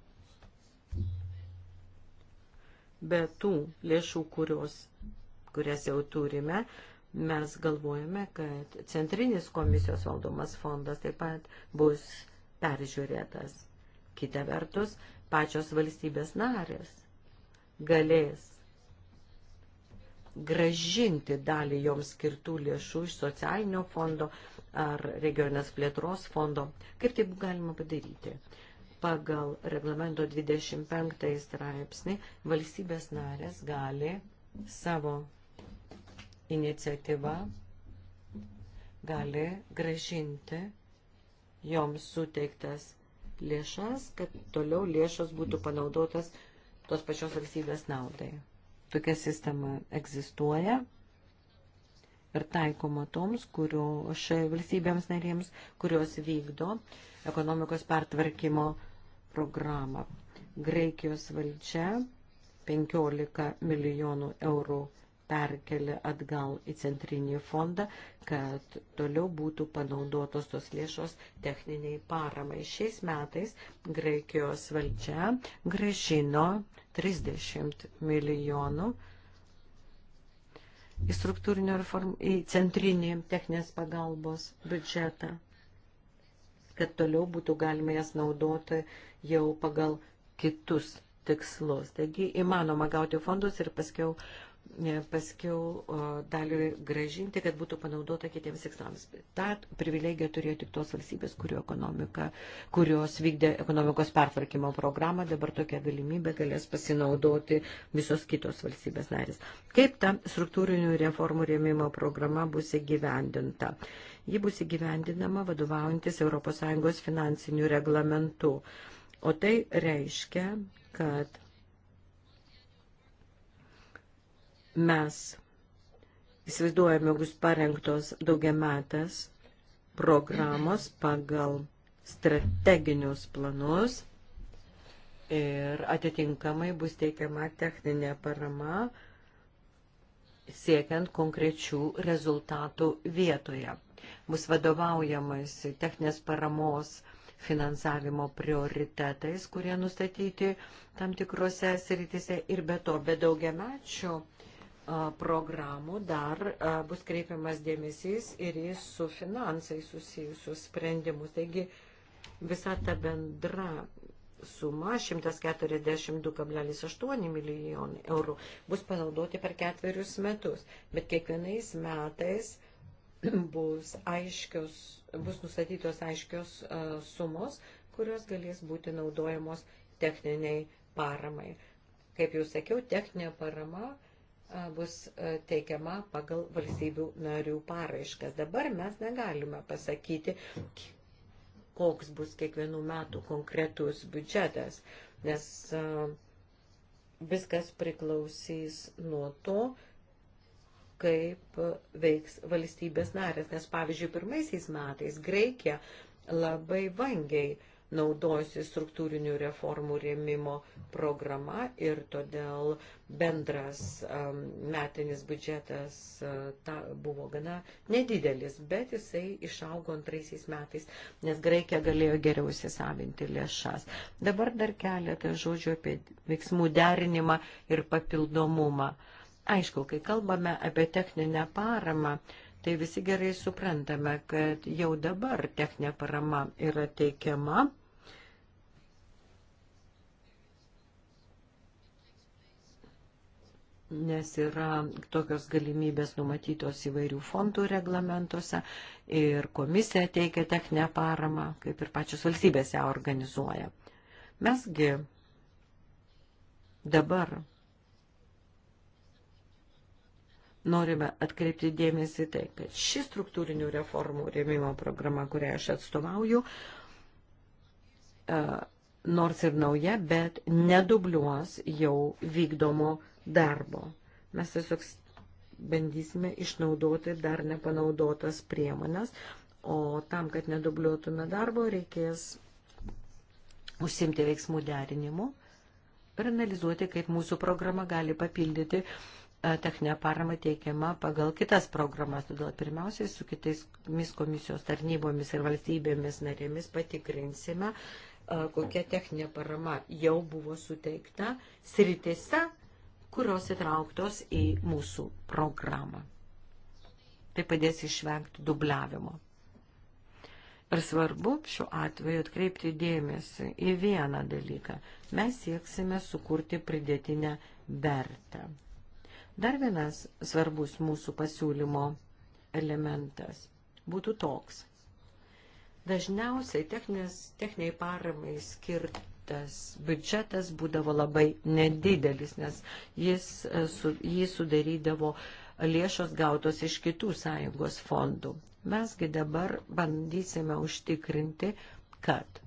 be tų lėšų, kurios, kurias jau turime, mes galvojame, kad centrinis komisijos valdomas fondas taip pat bus peržiūrėtas. Kita vertus, pačios valstybės narės galės gražinti dalį joms skirtų lėšų iš socialinio fondo ar regionės plėtros fondo. Kaip tai galima padaryti? Pagal reglamento 25 straipsnį valstybės narės gali savo iniciatyva gali gražinti joms suteiktas lėšas, kad toliau lėšos būtų panaudotas tos pačios valstybės naudai. Tokia sistema egzistuoja ir taikoma toms, kurios valstybėms narėms, kurios vykdo ekonomikos pertvarkymo programą. Graikijos valdžia 15 milijonų eurų perkelia atgal į centrinį fondą, kad toliau būtų panaudotos tos lėšos techniniai paramai. Šiais metais Graikijos valdžia gražino 30 milijonų į struktūrinio reform, į centrinį techninės pagalbos biudžetą, kad toliau būtų galima jas naudoti jau pagal kitus tikslus. Taigi įmanoma gauti fondus ir paskiau paskiau dalį gražinti, kad būtų panaudota kitiems tikslams. Ta privilegija turėjo tik tos valstybės, kurio kurios vykdė ekonomikos pertvarkymo programą, dabar tokia galimybė galės pasinaudoti visos kitos valstybės narės. Kaip ta struktūrinių reformų rėmimo programa bus įgyvendinta? Ji bus įgyvendinama vadovaujantis ES finansinių reglamentų. O tai reiškia, kad mes įsivaizduojame, jog bus parengtos daugiametės programos pagal strateginius planus ir atitinkamai bus teikiama techninė parama siekiant konkrečių rezultatų vietoje. Bus vadovaujamas techninės paramos finansavimo prioritetais, kurie nustatyti tam tikrose sritise ir be to, be daugiamečių programų dar bus kreipiamas dėmesys ir į su finansai susijusius sprendimus. Taigi visa ta bendra suma 142,8 milijonai eurų bus panaudoti per ketverius metus, bet kiekvienais metais bus, aiškios, bus nustatytos aiškios sumos, kurios galės būti naudojamos techniniai paramai. Kaip jau sakiau, techninė parama uh, bus teikiama pagal valstybių narių paraiškas. Dabar mes negalime pasakyti, koks bus kiekvienų metų konkretus biudžetas, nes viskas priklausys nuo to, kaip veiks valstybės narės. Nes pavyzdžiui, pirmaisiais metais Graikija labai vangiai uh, naudojasi struktūrinių reformų rėmimo programa ir todėl bendras um, metinis biudžetas uh, ta, buvo gana nedidelis, bet jisai išaugo antraisiais metais, nes Graikija galėjo geriau įsisavinti lėšas. Dabar dar keletą žodžių apie veiksmų derinimą ir papildomumą. Aišku, kai kalbame apie techninę paramą, tai visi gerai suprantame, kad jau dabar techninė parama yra teikiama nes yra tokios galimybės numatytos įvairių fondų reglamentuose ir komisija teikia techninę paramą, kaip ir pačios valstybės ją organizuoja. Mesgi dabar norime atkreipti dėmesį tai, kad ši struktūrinių reformų rėmimo programa, kurią aš atstovauju, e, nors ir nauja, bet nedubliuos jau vykdomo darbo. Mes tiesiog bandysime išnaudoti dar nepanaudotas priemonės, o tam, kad nedubliuotume darbo, reikės užsimti veiksmų derinimu ir analizuoti, kaip mūsų programa gali papildyti e, techninę paramą teikiama pagal kitas programas. Todėl pirmiausiai su kitais komisijos tarnybomis ir valstybėmis narėmis patikrinsime, e, kokia techninė parama jau buvo suteikta sritise, kurios įtrauktos į mūsų programą. Tai padės išvengti dubliavimo. Ir svarbu šiuo atveju atkreipti dėmesį į vieną dalyką. Mes sieksime sukurti pridėtinę vertę. Dar vienas svarbus mūsų pasiūlymo elementas būtų toks. Dažniausiai techninės, techniniai paramai skirt, tas biudžetas būdavo labai nedidelis, nes jis, e, su, jį sudarydavo lėšos gautos iš kitų sąjungos fondų. Mesgi dabar bandysime užtikrinti, kad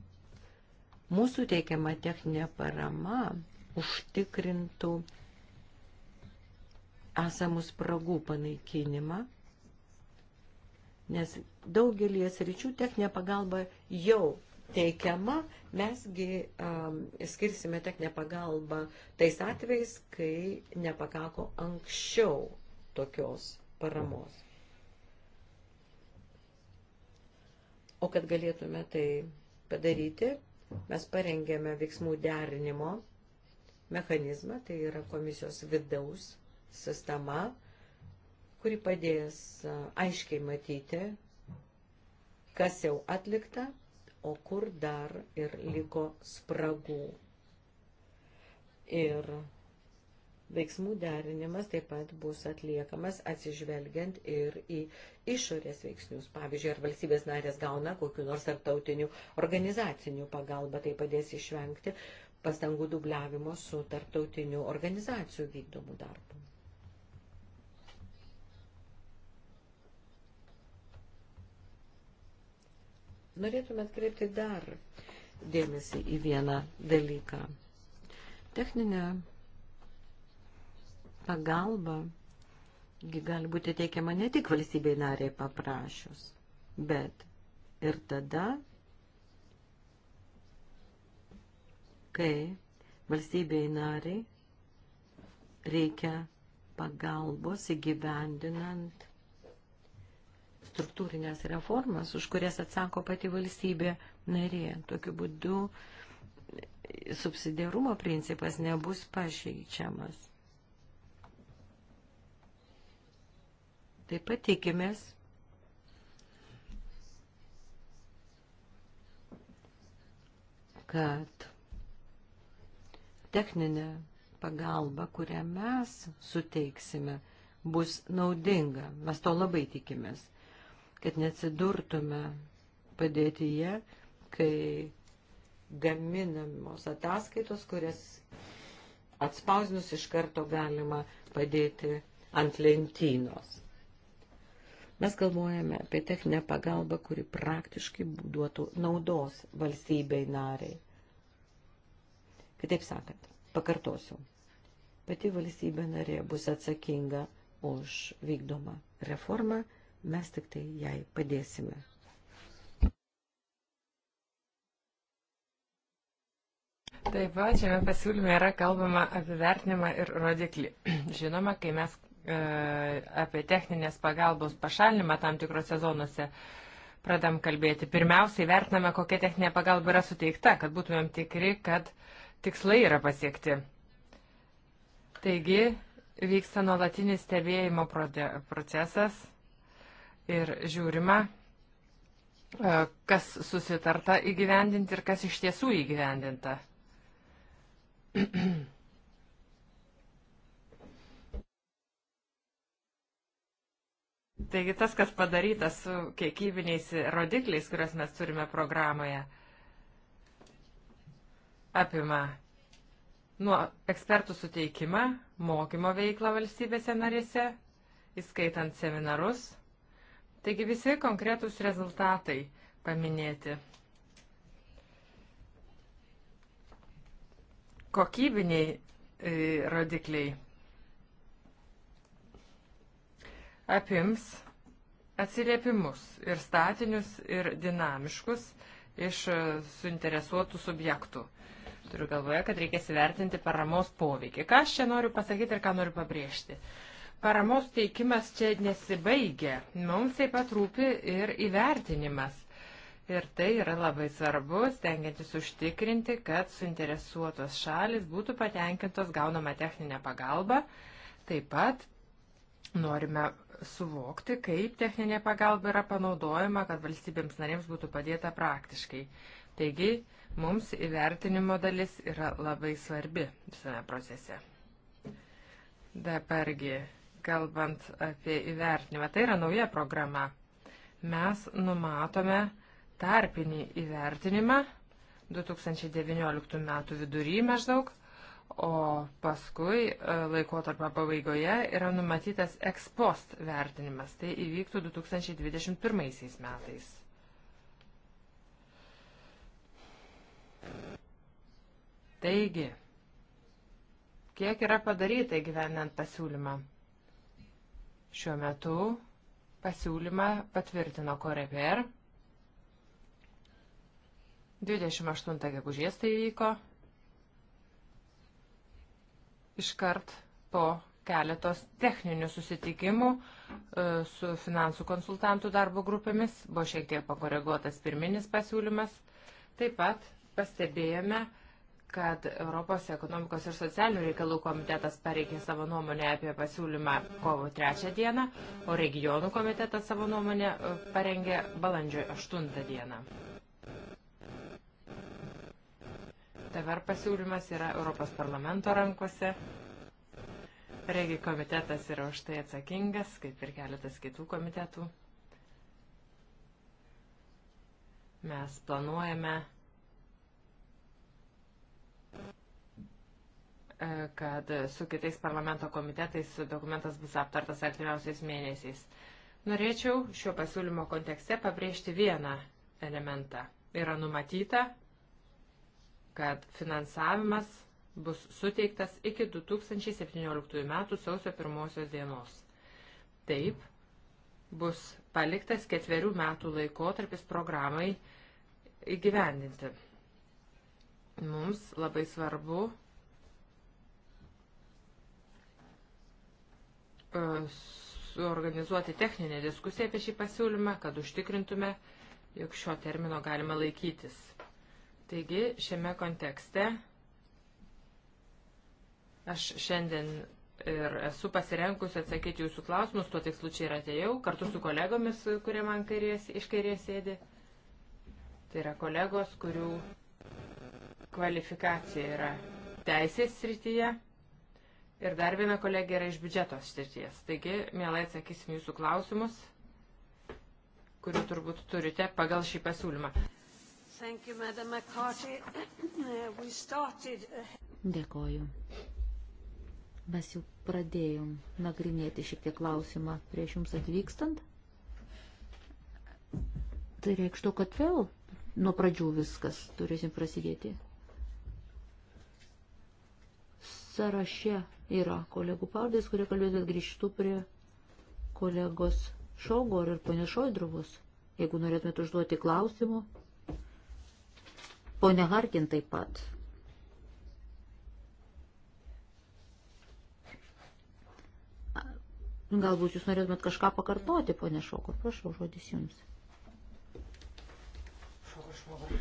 mūsų teikiama techninė parama užtikrintų esamų spragų panaikinimą, nes daugelį sričių techninė pagalba jau teikiama, mesgi um, skirsime techninę pagalbą tais atvejais, kai nepakako anksčiau tokios paramos. O kad galėtume tai padaryti, mes parengėme veiksmų derinimo mechanizmą, tai yra komisijos vidaus sistema, kuri padės aiškiai matyti, kas jau atlikta o kur dar ir liko spragų. Ir veiksmų derinimas taip pat bus atliekamas atsižvelgiant ir į išorės veiksnius. Pavyzdžiui, ar valstybės narės gauna kokiu nors tarptautiniu organizaciniu pagalba, tai padės išvengti pastangų dubliavimo su tarptautiniu organizacijų vykdomu darbu. Norėtume atkreipti dar dėmesį į vieną dalyką. Techninė pagalba gali būti teikiama ne tik valstybei nariai paprašius, bet ir tada, kai valstybei nariai reikia pagalbos įgyvendinant struktūrinės reformas, už kurias atsako pati valstybė narė. Tokiu būdu subsidiarumo principas nebus pažeidžiamas. Taip pat tikimės, kad techninė pagalba, kurią mes suteiksime, bus naudinga. Mes to labai tikimės kad neatsidurtume padėtyje, kai gaminamos ataskaitos, kurias atspausinus iš karto galima padėti ant lentynos. Mes galvojame apie techninę pagalbą, kuri praktiškai duotų naudos valstybei nariai. Kitaip sakant, pakartosiu, pati valstybė narė bus atsakinga už vykdomą reformą mes tik tai jai padėsime. Taip pat šiame pasiūlyme yra kalbama apie vertinimą ir rodiklį. Žinoma, kai mes e, apie techninės pagalbos pašalinimą tam tikrose zonuose pradam kalbėti, pirmiausiai vertiname, kokia techninė pagalba yra suteikta, kad būtumėm tikri, kad tikslai yra pasiekti. Taigi vyksta nuolatinis stebėjimo procesas ir žiūrima, e, kas susitarta įgyvendinti ir kas iš tiesų įgyvendinta. Taigi tas, kas padaryta su kiekybiniais rodikliais, kuriuos mes turime programoje, apima nuo ekspertų suteikimą, mokymo veiklą valstybėse narėse, įskaitant seminarus – Taigi visi konkretūs rezultatai paminėti. Kokybiniai e, rodikliai apims atsiliepimus ir statinius, ir dinamiškus iš suinteresuotų subjektų. Turiu galvoje, kad reikės įvertinti paramos poveikį. Ką aš čia noriu pasakyti ir ką noriu pabrėžti. Uh, paramos teikimas čia nesibaigia. Mums taip pat rūpi ir įvertinimas. Ir tai yra labai svarbu, stengiantis užtikrinti, kad suinteresuotos šalis būtų patenkintos gaunama techninė pagalba. Taip pat norime suvokti, kaip techninė pagalba yra panaudojama, kad valstybėms narėms būtų padėta praktiškai. Taigi, mums įvertinimo dalis yra labai svarbi visame procese. Dabargi kalbant apie įvertinimą. Tai yra nauja programa. Mes numatome tarpinį įvertinimą 2019 metų vidury maždaug, o paskui e, laikotarpio pabaigoje yra numatytas ekspost vertinimas. Tai įvyktų 2021 metais. Taigi, kiek yra padaryta įgyvenant pasiūlymą? Šiuo metu pasiūlymą patvirtino Koreper. 28 gegužės tai vyko. Iškart po keletos techninių susitikimų e, su finansų konsultantų darbo grupėmis buvo šiek tiek pakoreguotas pirminis pasiūlymas. Taip pat pastebėjome, kad Europos ekonomikos ir socialinių reikalų komitetas pareikė savo nuomonę apie pasiūlymą kovo 3 dieną, o regionų komitetas savo nuomonę e, parengė balandžio 8 dieną. Dabar pasiūlymas yra Europos parlamento rankose. Regi komitetas yra už tai atsakingas, kaip ir keletas kitų komitetų. Mes planuojame kad su kitais parlamento komitetais dokumentas bus aptartas artimiausiais mėnesiais. Norėčiau šio pasiūlymo kontekste pabrėžti vieną elementą. Yra numatyta, kad finansavimas bus suteiktas iki 2017 metų sausio pirmosios dienos. Taip, bus paliktas ketverių metų laikotarpis programai įgyvendinti. Mums labai svarbu E, suorganizuoti techninę diskusiją apie šį pasiūlymą, kad užtikrintume, jog šio termino galima laikytis. Taigi, šiame kontekste aš šiandien ir esu pasirenkusi atsakyti jūsų klausimus, tuo tikslu čia ir atėjau, kartu su kolegomis, kurie man kairės, iš kairės sėdi. Tai yra kolegos, kurių kvalifikacija yra teisės srityje Ir dar viena kolegė yra iš biudžeto srities. Taigi, mielai atsakysim jūsų klausimus, kurių turbūt turite pagal šį pasiūlymą. You, started... Dėkoju. Mes jau pradėjom nagrinėti šiek tiek klausimą prieš jums atvykstant. Tai reikštų, kad vėl nuo pradžių viskas turėsim prasidėti. Saraše Yra kolegų pavardės, kurie kalbės, bet grįžtų prie kolegos Šogor ir ponė Šoidrovus. Jeigu norėtumėte užduoti klausimų. Pone Harkin taip pat. Galbūt jūs norėtumėt kažką pakartoti, ponė Šokor. Prašau, žodis jums. Šokor, šokor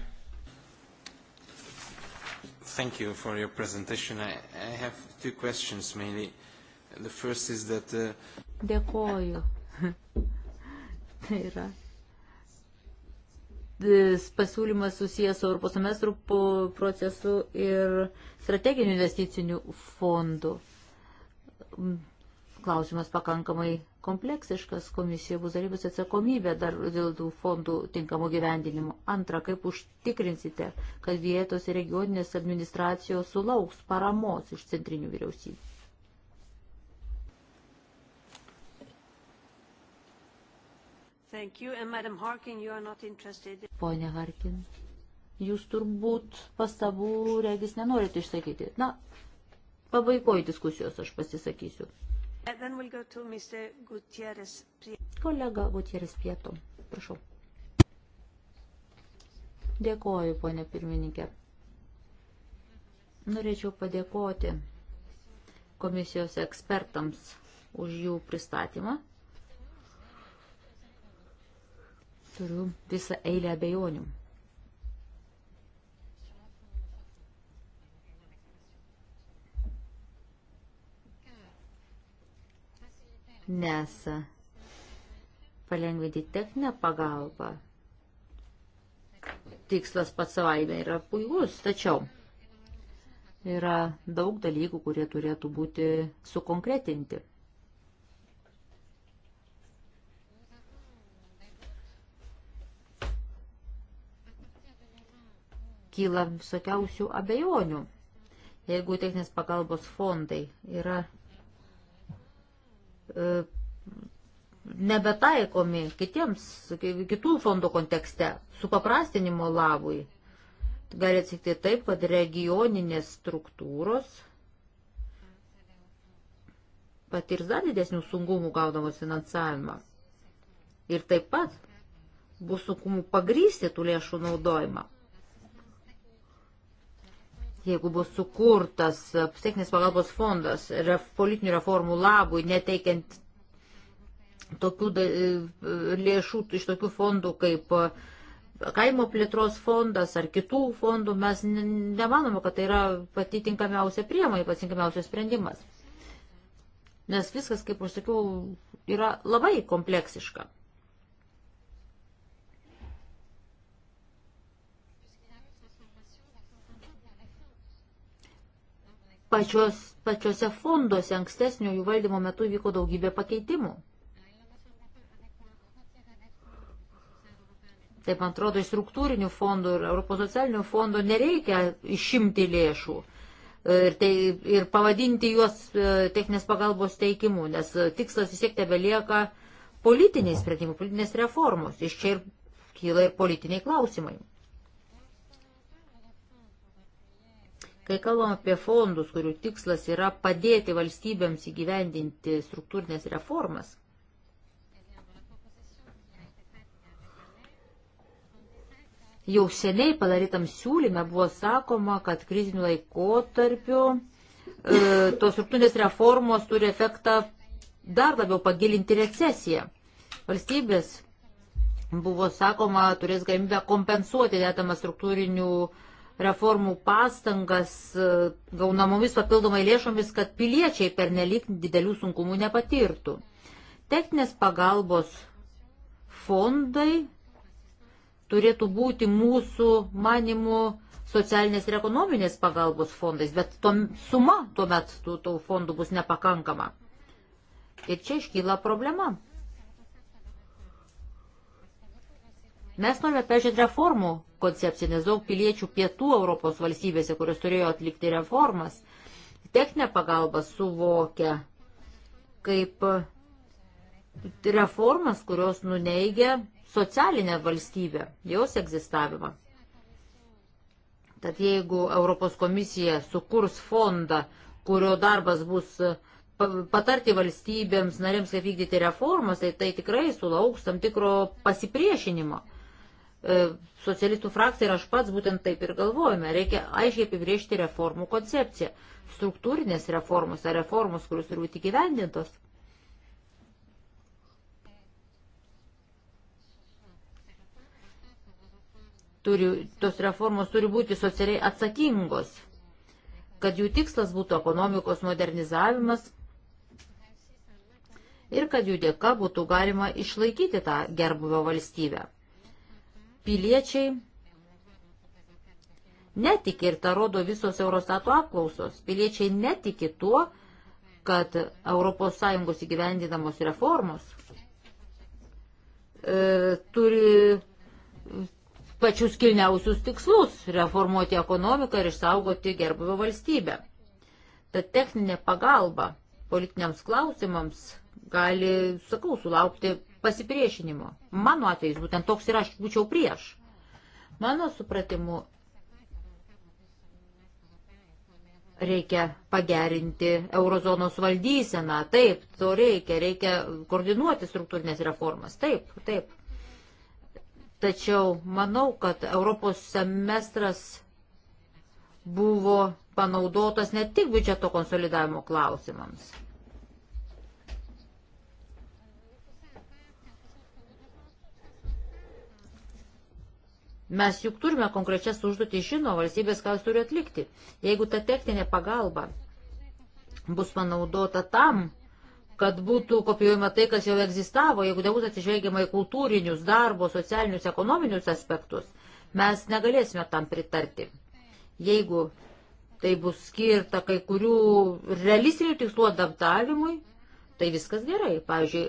thank you for your presentation. I, I have two questions mainly. The first is that... Uh... Dėkoju. tai yra pasiūlymas susijęs su Europos semestrų procesu ir strateginių investicinių fondų. Klausimas pakankamai kompleksiškas, komisija bus darybos atsakomybė dar dėl tų fondų tinkamo gyvendinimo. Antra, kaip užtikrinsite, kad vietos ir regioninės administracijos sulauks paramos iš centrinių vyriausybių. Pone Harkin, jūs turbūt pastabų regis nenorite išsakyti. Na, pabaigoji diskusijos aš pasisakysiu. We'll Gutierrez. Kolega Gutierrez Pieto, prašau. Dėkoju, ponė pirmininkė. Norėčiau padėkoti komisijos ekspertams už jų pristatymą. Turiu visą eilę abejonių. nes palengvinti techninę pagalbą. Tikslas pats savaime yra puikus, tačiau yra daug dalykų, kurie turėtų būti sukonkretinti. Kyla visokiausių abejonių. Jeigu techninės pagalbos fondai yra E, nebetaikomi kitiems, kitų fondų kontekste, supaprastinimo labui. Gali atsitikti taip, kad regioninės struktūros patirs dar didesnių sunkumų gaudamos finansavimą. Ir taip pat bus sunkumų pagrysti tų lėšų naudojimą jeigu bus sukurtas e, techninės pagalbos fondas ref, politinių reformų labui, neteikiant tokių da, e, e, lėšų iš tokių fondų kaip kaimo plėtros fondas ar kitų fondų, mes nemanome, kad tai yra pati tinkamiausia priemonė, pats tinkamiausias sprendimas. Nes viskas, kaip aš sakiau, yra labai kompleksiška. Pačios, pačiose fonduose ankstesnio jų valdymo metu vyko daugybė pakeitimų. Taip, man atrodo, iš struktūrinių fondų ir Europos socialinių fondų nereikia išimti lėšų e, ir, tai, ir pavadinti juos e, techninės pagalbos teikimu, nes e, tikslas vis tiek tebelieka politiniai sprendimai, politinės reformos. Iš čia ir kyla ir politiniai klausimai. Kai kalbam apie fondus, kurių tikslas yra padėti valstybėms įgyvendinti struktūrinės reformas, jau seniai padarytam siūlyme buvo sakoma, kad krizinių laikotarpių e, tos struktūrinės reformos turi efektą dar labiau pagilinti recesiją. Valstybės, buvo sakoma, turės galimybę kompensuoti detamą struktūrinių reformų reformų pastangas e, gaunamomis papildomai lėšomis, kad piliečiai per nelik didelių sunkumų nepatirtų. Techninės pagalbos fondai turėtų būti mūsų manimų socialinės ir ekonominės pagalbos fondais, bet to, suma tuomet tų, tų fondų bus nepakankama. Ir čia iškyla problema. Mes norime peržiūrėti reformų koncepciją, nes daug piliečių pietų Europos valstybėse, kurios turėjo atlikti reformas, techninę pagalbą suvokia kaip reformas, kurios nuneigia socialinę valstybę, jos egzistavimą. Tad jeigu Europos komisija sukurs fondą, kurio darbas bus patarti valstybėms narėms, kaip vykdyti reformas, tai tai tikrai sulauks tam tikro pasipriešinimo. E, socialistų frakcija ir aš pats būtent taip ir galvojame. Reikia aiškiai apibriežti reformų koncepciją. Struktūrinės reformos ar reformos, kurios turi būti gyvendintos. Turi, tos reformos turi būti socialiai atsakingos, kad jų tikslas būtų ekonomikos modernizavimas, ir kad jų dėka būtų galima išlaikyti tą gerbuvio valstybę piliečiai netiki ir tą rodo visos Eurostato apklausos. Piliečiai netiki tuo, kad ES įgyvendinamos reformos e, turi pačius kilniausius tikslus - reformuoti ekonomiką ir išsaugoti gerbuvio valstybę. Tad techninė pagalba politiniams klausimams gali, sakau, sulaukti pasipriešinimo. Mano atvejais būtent toks ir aš būčiau prieš. Mano supratimu, reikia pagerinti eurozonos valdyseną, taip, to reikia, reikia koordinuoti struktūrinės reformas, taip, taip. Tačiau manau, kad Europos semestras buvo panaudotas ne tik biudžeto konsolidavimo klausimams. Mes juk turime konkrečias užduotį žino valstybės, ką jis turi atlikti. Jeigu ta techninė pagalba bus panaudota tam, kad būtų kopijuojama tai, kas jau egzistavo, jeigu nebūtų atsižvelgiama į kultūrinius, darbo, socialinius, ekonominius aspektus, mes negalėsime tam pritarti. Jeigu tai bus skirta kai kurių realistinių tikslų adaptavimui, tai viskas gerai. Pavyzdžiui,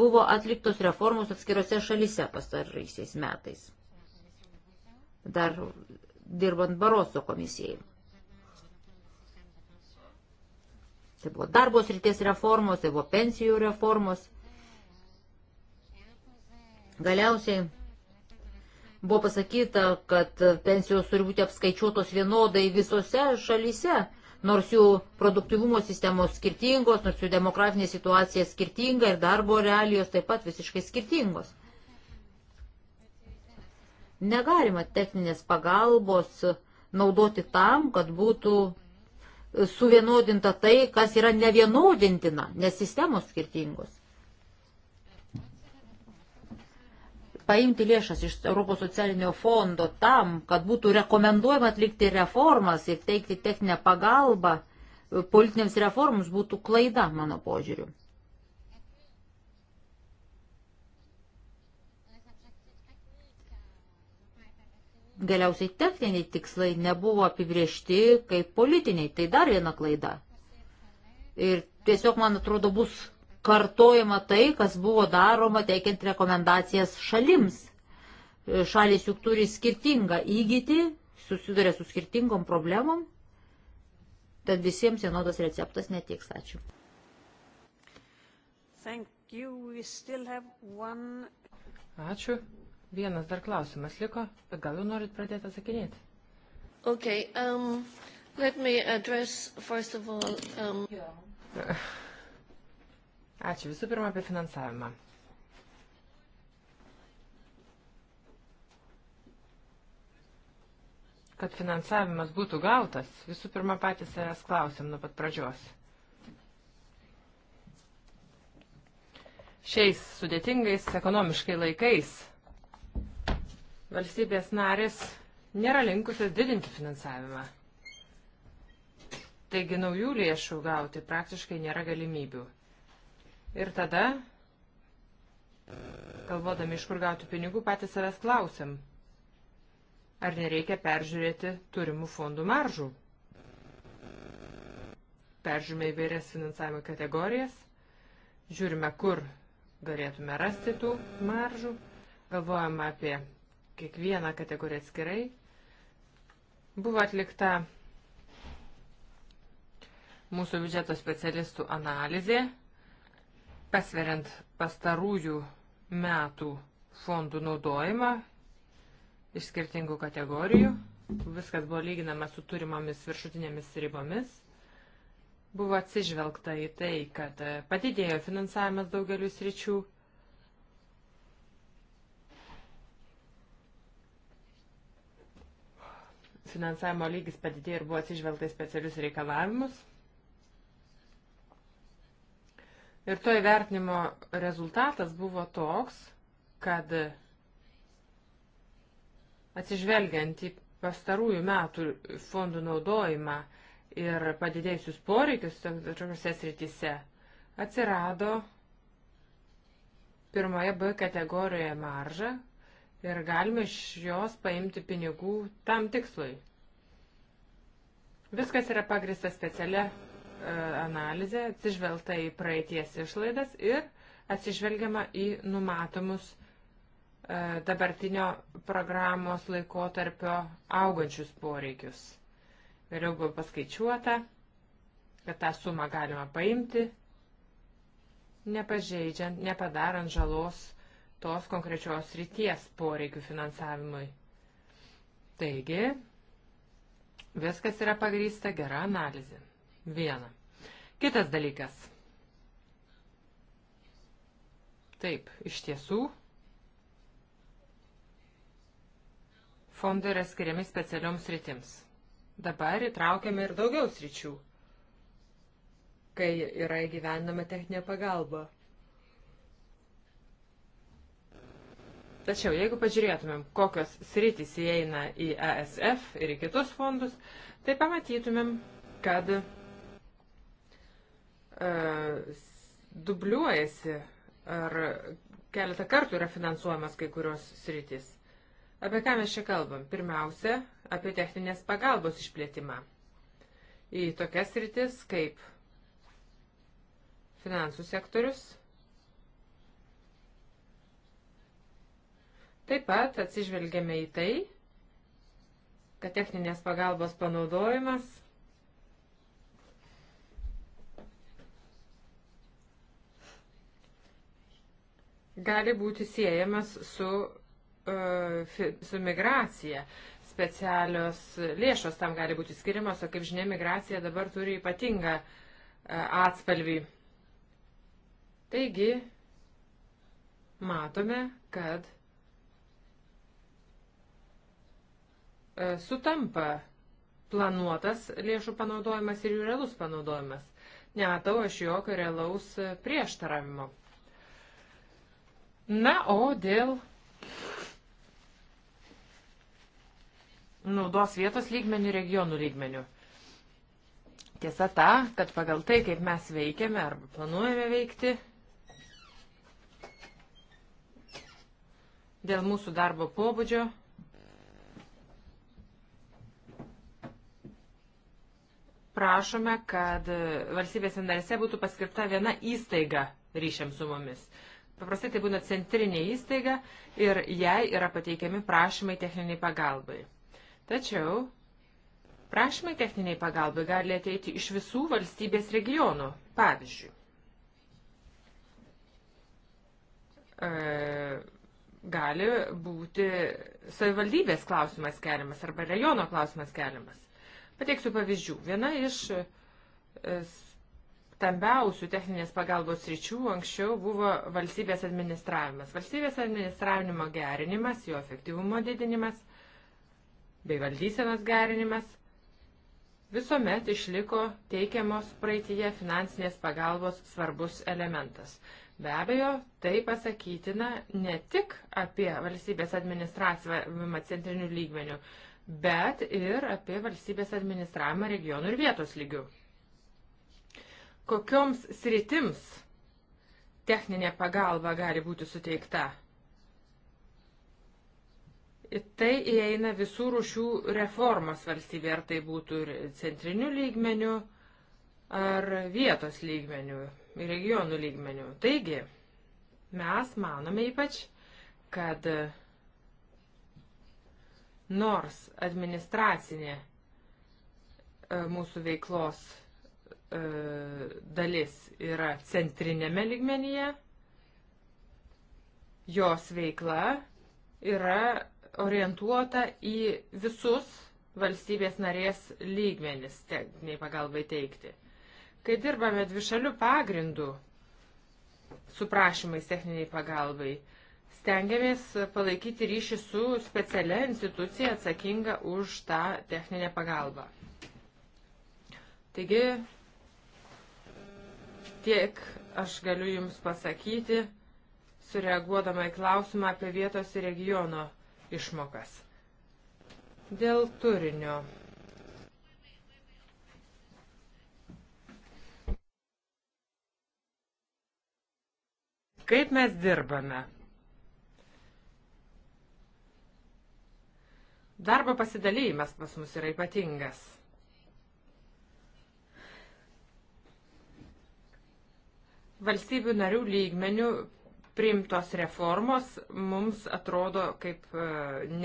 buvo atliktos reformos atskirose šalise pastaraisiais metais dar dirbant Baroso komisijai. Tai buvo darbos ryties reformos, tai buvo pensijų reformos. Galiausiai buvo pasakyta, kad pensijos turi būti apskaičiuotos vienodai visose šalyse, nors jų produktivumo sistemos skirtingos, nors jų demografinė situacija skirtinga ir darbo realijos taip pat visiškai skirtingos. Negalima techninės pagalbos naudoti tam, kad būtų suvienodinta tai, kas yra nevienodintina, nes sistemos skirtingos. Paimti lėšas iš Europos socialinio fondo tam, kad būtų rekomenduojama atlikti reformas ir teikti techninę pagalbą politinėms reformams būtų klaida, mano požiūriu. galiausiai techniniai tikslai nebuvo apibriežti kaip politiniai. Tai dar viena klaida. Ir tiesiog, man atrodo, bus kartojama tai, kas buvo daroma teikiant rekomendacijas šalims. Šalis juk turi skirtingą įgyti, susiduria su skirtingom problemom, tad visiems vienodas receptas netiks. Ačiū. Ačiū. Vienas dar klausimas liko, bet gal jau norit pradėti atsakinėti? Okay, um, let me address first of all... Um... Ačiū visų pirma apie finansavimą. Kad finansavimas būtų gautas, visų pirma patys savęs klausim nuo pat pradžios. Šiais sudėtingais ekonomiškai laikais valstybės narės nėra linkusios didinti finansavimą. Taigi naujų lėšų gauti praktiškai nėra galimybių. Ir tada, galvodami iš kur gauti pinigų, patys savęs klausim, ar nereikia peržiūrėti turimų fondų maržų. Peržiūrime įvairias finansavimo kategorijas, žiūrime, kur galėtume rasti tų maržų, galvojame apie kiekvieną kategoriją atskirai. Buvo atlikta mūsų biudžeto specialistų analizė, pasveriant pastarųjų metų fondų naudojimą iš skirtingų kategorijų. Viskas buvo lyginama su turimomis viršutinėmis ribomis. Buvo atsižvelgta į tai, kad padidėjo finansavimas daugeliu sričių Finansavimo lygis padidėjo ir buvo atsižvelgta į specialius reikalavimus. Ir to įvertinimo rezultatas buvo toks, kad atsižvelgiant į pastarųjų metų fondų naudojimą ir padidėjusius poreikius tokiuose srityse, atsirado pirmoje B kategorijoje marža, ir galime iš jos paimti pinigų tam tikslui. Viskas yra pagrista specialia e, analizė, atsižvelgta į praeities išlaidas ir atsižvelgiama į numatomus e, dabartinio programos laikotarpio augančius poreikius. Vėliau buvo paskaičiuota, kad tą sumą galima paimti, nepažeidžiant, nepadarant žalos tos konkrečios ryties poreikių finansavimui. Taigi, viskas yra pagrysta gera analizė. Viena. Kitas dalykas. Taip, iš tiesų, fondai yra skiriami specialioms sritims. Dabar įtraukiame ir daugiau sričių, kai yra įgyvendama techninė pagalba. Tačiau jeigu pažiūrėtumėm, kokios sritys įeina į ESF ir į kitus fondus, tai pamatytumėm, kad e, dubliuojasi ar keletą kartų yra finansuojamas kai kurios sritys. Apie ką mes čia kalbam? Pirmiausia, apie techninės pagalbos išplėtimą. Į tokias sritis kaip finansų sektorius, Taip pat atsižvelgiame į tai, kad techninės pagalbos panaudojimas gali būti siejamas su, e, su migracija. Specialios lėšos tam gali būti skiriamos, o kaip žinia, migracija dabar turi ypatingą e, atspalvį. Taigi, matome, kad E, sutampa planuotas lėšų panaudojimas ir jų realus panaudojimas. Netau aš jokio realaus e, prieštaravimo. Na, o dėl naudos vietos lygmenių, regionų lygmenių. Tiesa ta, kad pagal tai, kaip mes veikiame arba planuojame veikti, dėl mūsų darbo pobūdžio prašome, kad valstybės narėse būtų paskirta viena įstaiga ryšiam su mumis. Paprastai tai būna centrinė įstaiga ir jai yra pateikiami prašymai techniniai pagalbai. Tačiau prašymai techniniai pagalbai gali ateiti iš visų valstybės regionų. Pavyzdžiui, e, gali būti savivaldybės klausimas keliamas arba rajono klausimas keliamas. Pateiksiu pavyzdžių. Viena iš e, stambiausių techninės pagalbos ryčių anksčiau buvo valstybės administravimas. Valstybės administravimo gerinimas, jo efektyvumo didinimas bei valdysenos gerinimas visuomet išliko teikiamos praeitie finansinės pagalbos svarbus elementas. Be abejo, tai pasakytina ne tik apie valstybės administravimą centrinių lygmenių, bet ir apie valstybės administravimą regionų ir vietos lygių. Kokioms sritims techninė pagalba gali būti suteikta? Tai įeina visų rušių reformos valstybė, ar tai būtų ir centrinių lygmenių, ar vietos lygmenių, regionų lygmenių. Taigi, mes manome ypač, kad nors administracinė e, mūsų veiklos e, dalis yra centrinėme ligmenyje, jos veikla yra orientuota į visus valstybės narės lygmenis, techniniai pagalbai teikti. Kai dirbame dvišalių pagrindų su prašymais techniniai pagalbai, stengiamės palaikyti ryšį su specialia institucija atsakinga už tą techninę pagalbą. Taigi, tiek aš galiu Jums pasakyti, sureaguodama į klausimą apie vietos ir regiono išmokas. Dėl turinio. Kaip mes dirbame? Darbo pasidalėjimas pas mus yra ypatingas. Valstybių narių lygmenių priimtos reformos mums atrodo kaip e,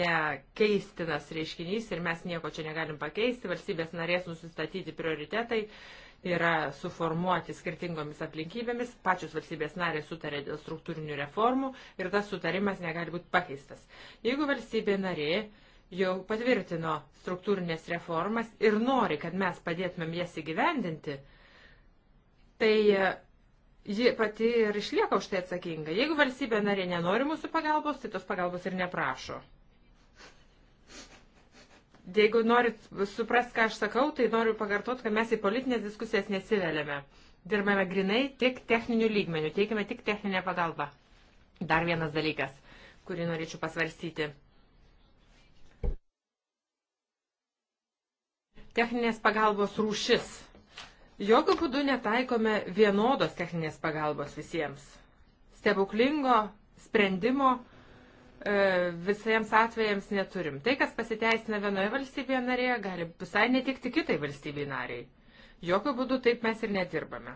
nekeistinas reiškinys ir mes nieko čia negalim pakeisti. Valstybės narės nusistatyti prioritetai yra suformuoti skirtingomis aplinkybėmis, pačios valstybės narės sutarė dėl struktūrinių reformų ir tas sutarimas negali būti pakeistas. Jeigu valstybė narė uh, jau patvirtino struktūrinės reformas ir nori, kad mes padėtumėm jas įgyvendinti, tai e, ji pati ir išlieka už tai atsakinga. Jeigu valstybė narė nenori mūsų pagalbos, tai tos pagalbos ir neprašo. Jeigu norit suprasti, ką aš sakau, tai noriu pakartoti, kad mes į politinės diskusijas nesiveliame. Dirbame grinai tik techninių lygmenių, teikime tik techninę pagalbą. Dar vienas dalykas, kurį norėčiau pasvarstyti techninės pagalbos rūšis. Jokių būdų netaikome vienodos techninės pagalbos visiems. Stebuklingo sprendimo e, visiems atvejams neturim. Tai, kas pasiteisina vienoje valstybėje narėje, gali visai netikti kitai valstybei nariai. Jokių būdų taip mes ir nedirbame.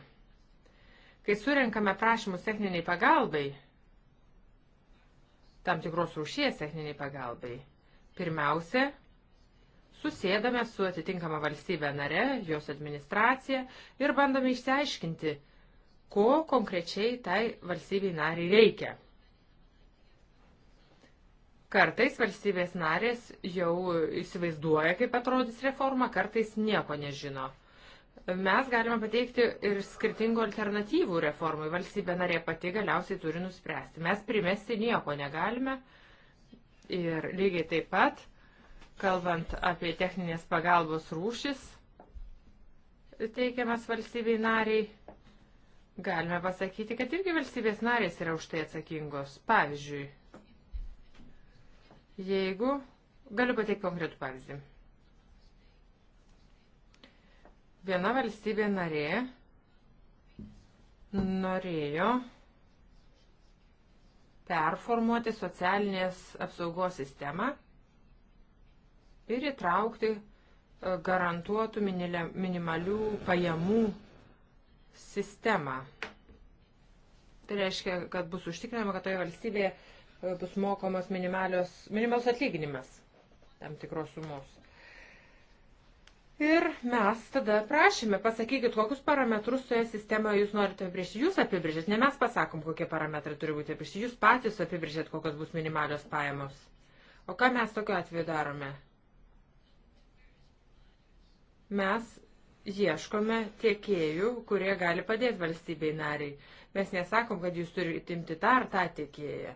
Kai surenkame prašymus techniniai pagalbai, tam tikros rūšies techniniai pagalbai, pirmiausia, susėdame su atitinkama valstybė nare, jos administracija ir bandome išsiaiškinti, ko konkrečiai tai valstybei nariai reikia. Kartais valstybės narės jau įsivaizduoja, kaip atrodys reforma, kartais nieko nežino. Mes galime pateikti ir skirtingų alternatyvų reformai. Valstybė narė pati galiausiai turi nuspręsti. Mes primesti nieko negalime. Ir lygiai taip pat kalbant apie techninės pagalbos rūšis teikiamas valstybei nariai, galime pasakyti, kad irgi valstybės narės yra už tai atsakingos. Pavyzdžiui, jeigu galiu pateikti konkretų pavyzdį. Viena valstybė narė norėjo performuoti socialinės apsaugos sistemą ir įtraukti e, garantuotų minimalių pajamų sistemą. Tai reiškia, kad bus užtikrinama, kad toje valstybėje e, bus mokomas minimalus atlyginimas tam tikros sumos. Ir mes tada prašėme, pasakykit, kokius parametrus toje sistemoje jūs norite apibrėžti. Jūs apibrėžėt, ne mes pasakom, kokie parametrai turi būti apibrėžti. Jūs patys apibrėžėt, kokios bus minimalios pajamos. O ką mes tokiu atveju darome? mes ieškome tiekėjų, kurie gali padėti valstybei nariai. Mes nesakom, kad jūs turite imti tą ar tą tiekėją.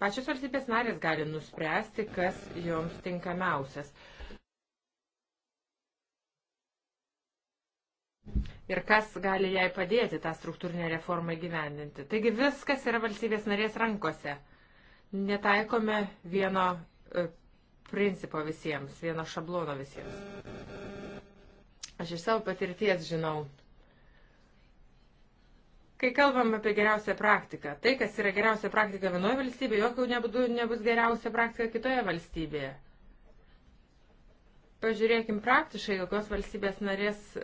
Pačios valstybės narės gali nuspręsti, kas joms tinkamiausias. ir kas gali jai padėti tą struktūrinę reformą gyvendinti. Taigi viskas yra valstybės narės rankose. Netaikome vieno e, principo visiems, vieno šablono visiems. Aš iš savo patirties žinau. Kai kalbam apie geriausią praktiką, tai, kas yra geriausia praktika vienoje valstybėje, jokių nebūdų nebus geriausia praktika kitoje valstybėje. Pažiūrėkim praktiškai, kokios valstybės narės e,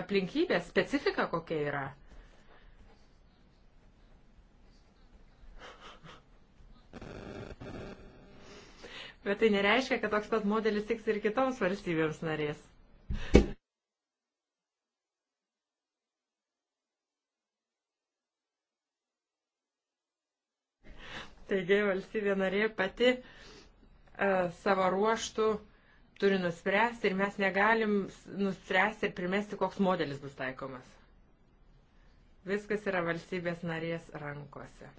aplinkybės, specifika kokia yra. Bet tai nereiškia, kad toks pat modelis tiks ir kitoms valstybėms narės. Taigi valstybė narė pati e, savo ruoštų turi nuspręsti ir mes negalim nuspręsti ir primesti, koks modelis bus taikomas. Viskas yra valstybės narės rankose.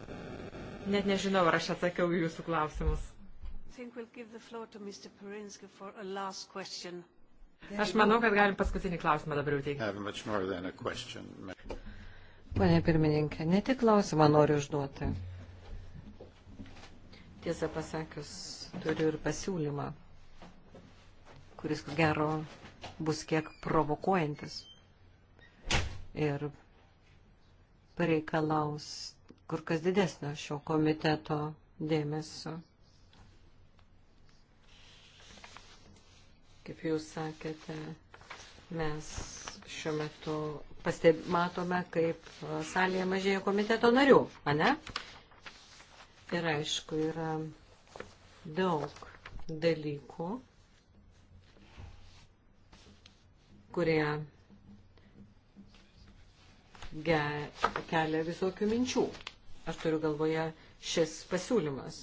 Net nežinau, ar aš atsakiau į jūsų klausimus. Aš manau, kad galim paskutinį klausimą dabar jau teikti. Pane pirmininkė, ne tik klausimą noriu užduoti. Tiesą pasakius, turiu ir pasiūlymą, kuris ko gero bus kiek provokuojantis ir pareikalaus kur kas didesnio šio komiteto dėmesio. Kaip jūs sakėte, mes šiuo metu pasteb, matome, kaip salėje mažėja komiteto narių, ane? Ir aišku, yra daug dalykų, kurie ge, kelia visokių minčių. Aš turiu galvoje šis pasiūlymas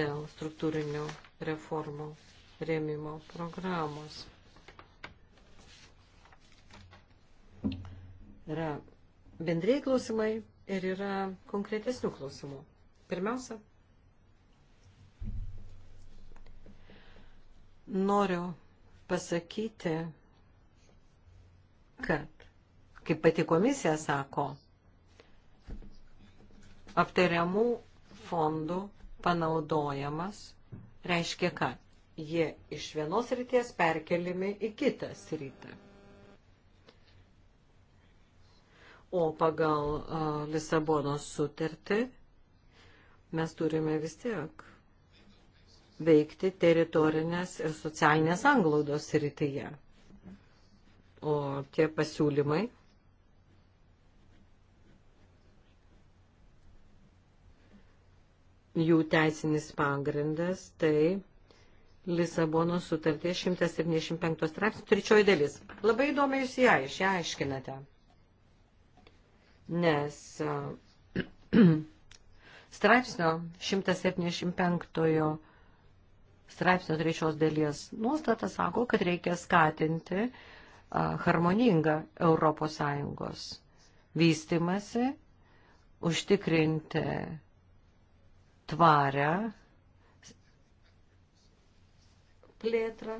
dėl struktūrinių reformų rėmimo programos. Yra bendrėjai klausimai ir yra konkretesnių klausimų. Pirmiausia, noriu pasakyti, kad, kaip pati komisija sako, aptariamų fondų panaudojamas reiškia, kad jie iš vienos ryties perkeliami į kitą sritą. O pagal uh, Lisabonos sutartį mes turime vis tiek veikti teritorinės ir socialinės anglaudos rytyje. O tie pasiūlymai jų teisinis pagrindas, tai Lisabonos sutarties 175 straipsnių trečioji dalis. Labai įdomi jūs ją išaiškinate. Nes straipsnio 175 straipsnio trečios dalies nuostata sako, kad reikia skatinti harmoningą Europos Sąjungos vystimasi, užtikrinti tvarę plėtrą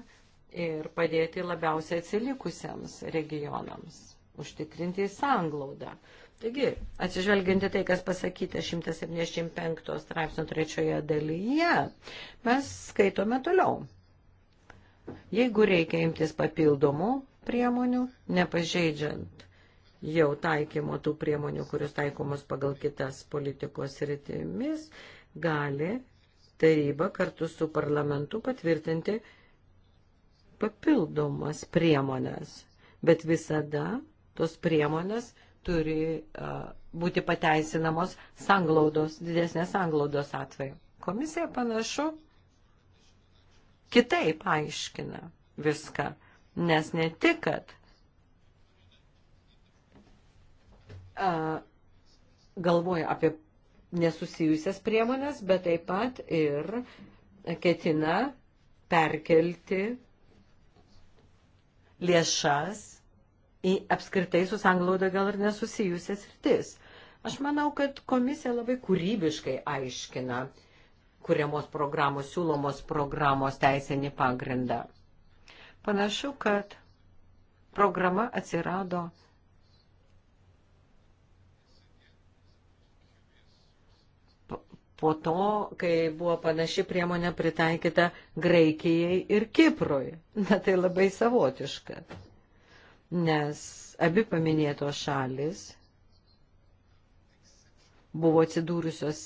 ir padėti labiausiai atsilikusiems regionams, užtikrinti sanglaudą. Taigi, atsižvelginti tai, kas pasakyta 175 straipsnio trečioje dalyje, mes skaitome toliau. Jeigu reikia imtis papildomų priemonių, nepažeidžiant jau taikymo tų priemonių, kurios taikomos pagal kitas politikos rytimis, gali taryba kartu su parlamentu patvirtinti papildomas priemonės. Bet visada tos priemonės turi būti pateisinamos sanglaudos, didesnės sanglaudos atveju. Komisija panašu kitaip aiškina viską, nes ne tik, kad a, galvoja apie nesusijusias priemonės, bet taip pat ir ketina perkelti lėšas į apskritai su sanglauda gal ir nesusijusias rytis. Aš manau, kad komisija labai kūrybiškai aiškina kuriamos programos, siūlomos programos teisinį pagrindą. Panašu, kad programa atsirado po to, kai buvo panaši priemonė pritaikyta Graikijai ir Kiprui. Na tai labai savotiška nes abi paminėtos šalis buvo atsidūrusios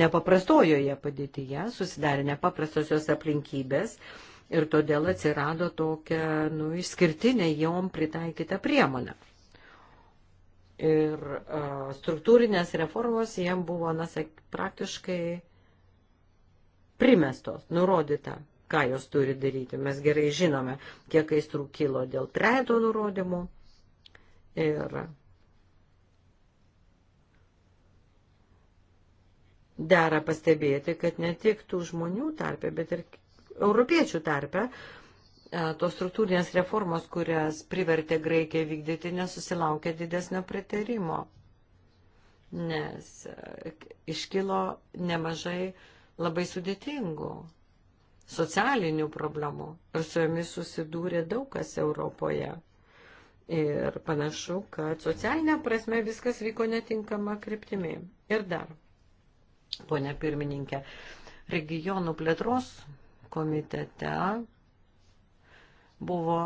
nepaprastojoje padėtyje, susidarė nepaprastosios aplinkybės ir todėl atsirado tokia nu, išskirtinė jom pritaikyta priemonė. Ir uh, struktūrinės reformos jiem buvo, na, sak, praktiškai primestos, nurodyta ką jos turi daryti. Mes gerai žinome, kiek aistrų kilo dėl trejato nurodymų. Ir dera pastebėti, kad ne tik tų žmonių tarpe, bet ir europiečių tarpe e, tos struktūrinės reformos, kurias privertė Graikiją vykdyti, nesusilaukė didesnio pritarimo, nes e, iškilo nemažai labai sudėtingų socialinių problemų ir su jomis susidūrė daug kas Europoje. Ir panašu, kad socialinė prasme viskas vyko netinkama kryptimi. Ir dar, ponia pirmininkė, regionų plėtros komitete buvo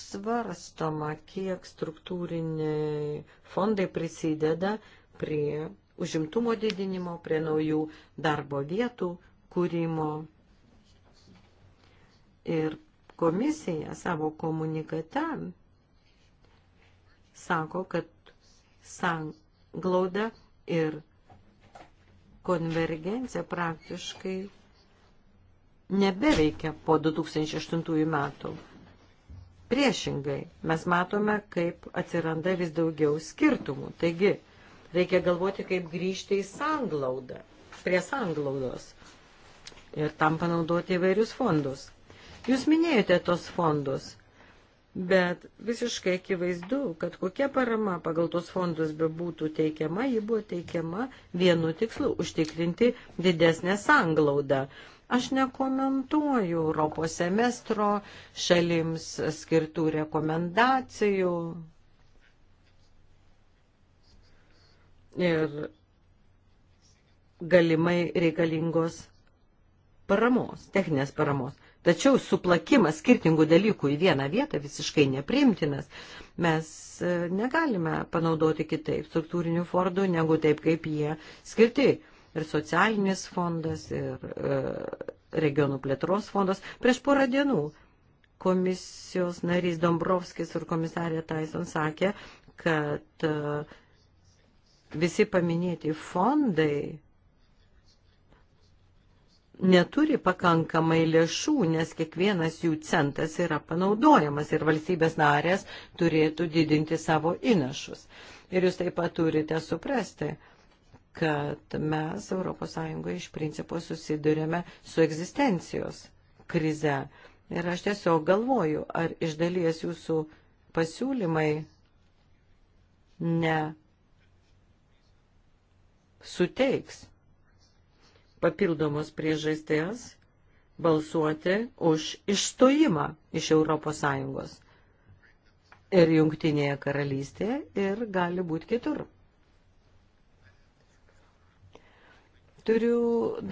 svarstoma, kiek struktūriniai fondai prisideda prie užimtumo didinimo, prie naujų darbo vietų kūrimo Ir komisija savo komunikate sako, kad sanglauda ir konvergencija praktiškai nebeveikia po 2008 metų. Priešingai, mes matome, kaip atsiranda vis daugiau skirtumų. Taigi, reikia galvoti, kaip grįžti į sanglaudą, prie sanglaudos ir tam panaudoti įvairius fondus. Jūs minėjote tos fondus, bet visiškai akivaizdu, kad kokia parama pagal tos fondus bebūtų teikiama, ji buvo teikiama vienu tikslu - užtikrinti didesnę sanglaudą. Aš nekomentuoju Europos semestro šalims skirtų rekomendacijų. Ir galimai reikalingos paramos, techninės paramos. Tačiau suplakimas skirtingų dalykų į vieną vietą visiškai neprimtinas. Mes e, negalime panaudoti kitaip struktūrinių fondų, negu taip, kaip jie skirti. Ir socialinis fondas, ir e, regionų plėtros fondas. Prieš porą dienų komisijos narys Dombrovskis ir komisarė Tyson sakė, kad e, visi paminėti fondai neturi pakankamai lėšų, nes kiekvienas jų centas yra panaudojamas ir valstybės narės turėtų didinti savo įnašus. Ir jūs taip pat turite suprasti, kad mes ES iš principo susidurėme su egzistencijos krize. Ir aš tiesiog galvoju, ar iš dalies jūsų pasiūlymai ne suteiks papildomos priežasties balsuoti už išstojimą iš ES ir jungtinėje karalystėje ir gali būti kitur. Turiu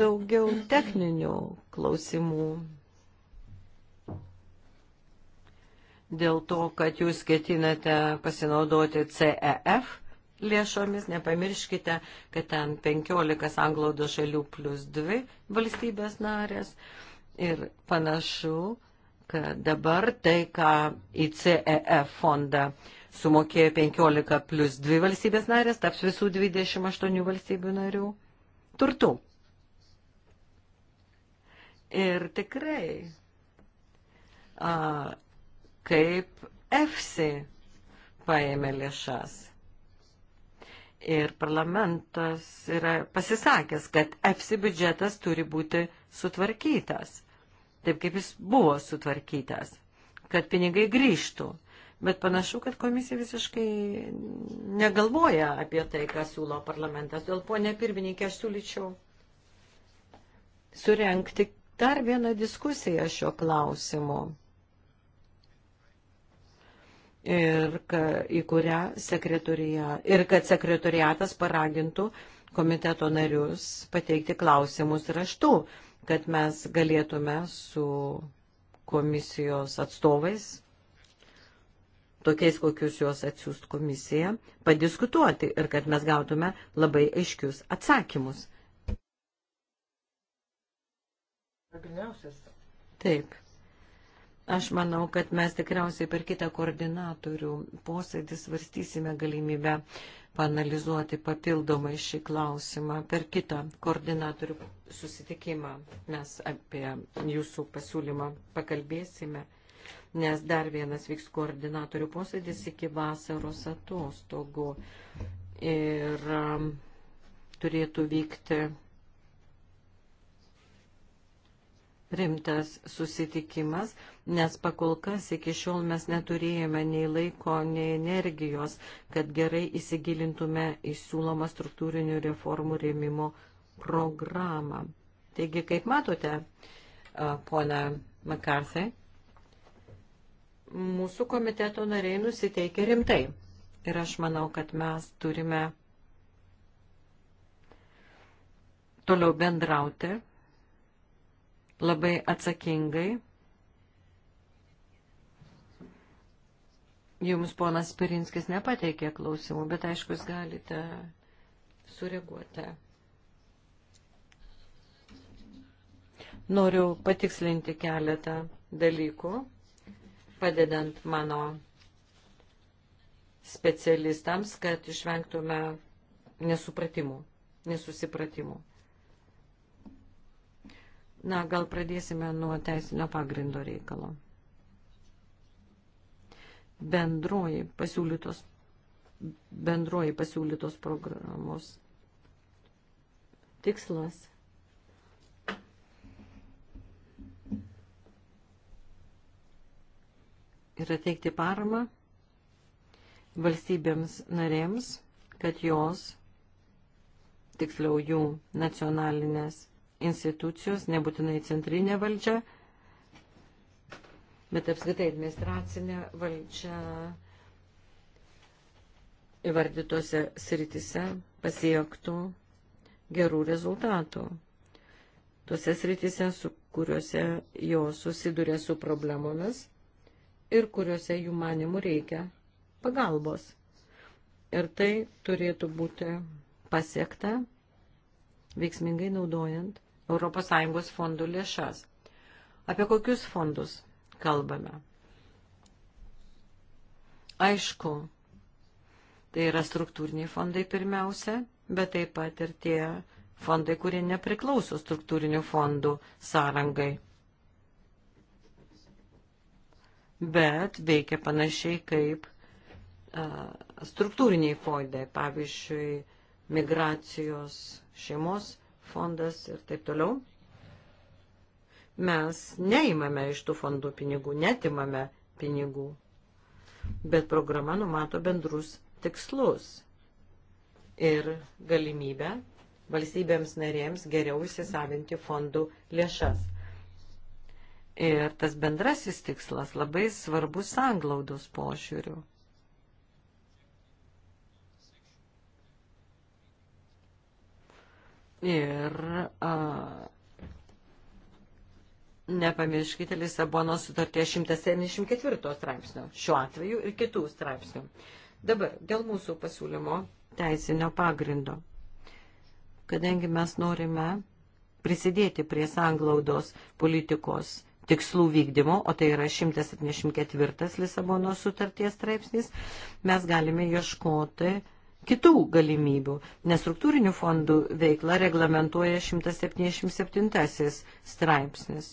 daugiau techninių klausimų dėl to, kad jūs ketinate pasinaudoti CEF lėšomis. Nepamirškite, kad ten 15 anglaudo šalių plus 2 valstybės narės. Ir panašu, kad dabar tai, ką į CEF e fondą sumokėjo 15 plus 2 valstybės narės, taps visų 28 valstybių narių turtų. Ir tikrai, a, kaip EFSI paėmė lėšas ir parlamentas yra pasisakęs, kad EFSI biudžetas turi būti sutvarkytas, taip kaip jis buvo sutvarkytas, kad pinigai grįžtų. Bet panašu, kad komisija visiškai negalvoja apie tai, ką siūlo parlamentas. Dėl ponė pirmininkė, aš siūlyčiau surenkti dar vieną diskusiją šio klausimu ir, ka, į kurią sekretoria, ir kad sekretoriatas paragintų komiteto narius pateikti klausimus raštu, kad mes galėtume su komisijos atstovais, tokiais kokius juos atsiųst komisija, padiskutuoti ir kad mes gautume labai aiškius atsakymus. Taip. Aš manau, kad mes tikriausiai per kitą koordinatorių posėdį svarstysime galimybę panalizuoti papildomai šį klausimą. Per kitą koordinatorių susitikimą mes apie jūsų pasiūlymą pakalbėsime, nes dar vienas vyks koordinatorių posėdis iki vasaros atostogų ir um, turėtų vykti rimtas susitikimas, nes pakol kas iki šiol mes neturėjome nei laiko, nei energijos, kad gerai įsigilintume į siūlomą struktūrinių reformų rėmimo programą. Taigi, kaip matote, pona McCarthy, mūsų komiteto nariai nusiteikia rimtai. Ir aš manau, kad mes turime toliau bendrauti labai atsakingai. Jums ponas Pirinskis nepateikė klausimų, bet aišku, jūs galite sureaguoti. Noriu patikslinti keletą dalykų, padedant mano specialistams, kad išvengtume nesupratimų, nesusipratimų. Na, gal pradėsime nuo teisinio pagrindo reikalo. Bendroji pasiūlytos, bendroji pasiūlytos programos tikslas yra teikti paramą valstybėms narėms, kad jos, tiksliau jų nacionalinės institucijos, nebūtinai centrinė valdžia, bet apskritai administracinė valdžia įvardytose sritise pasiektų gerų rezultatų. Tose sritise, su kuriuose jos susiduria su problemomis ir kuriuose jų manimų reikia pagalbos. Ir tai turėtų būti pasiekta veiksmingai naudojant ES fondų lėšas. Apie kokius fondus kalbame? Aišku, tai yra struktūriniai fondai pirmiausia, bet taip pat ir tie fondai, kurie nepriklauso struktūrinių fondų sąrangai. Bet veikia panašiai kaip a, struktūriniai fondai, pavyzdžiui, migracijos šeimos fondas ir taip toliau. Mes neimame iš tų fondų pinigų, netimame pinigų, bet programa numato bendrus tikslus ir galimybę valstybėms narėms geriau įsisavinti fondų lėšas. Ir tas bendrasis tikslas labai svarbus sanglaudos pošiūrių. Ir a, nepamirškite Lisabono sutarties 174 straipsnio šiuo atveju ir kitų straipsnių. Dabar dėl mūsų pasiūlymo teisinio pagrindo. Kadangi mes norime prisidėti prie sanglaudos politikos tikslų vykdymo, o tai yra 174 Lisabono sutarties straipsnis, mes galime ieškoti kitų galimybių, nes struktūrinių fondų veiklą reglamentuoja 177 straipsnis.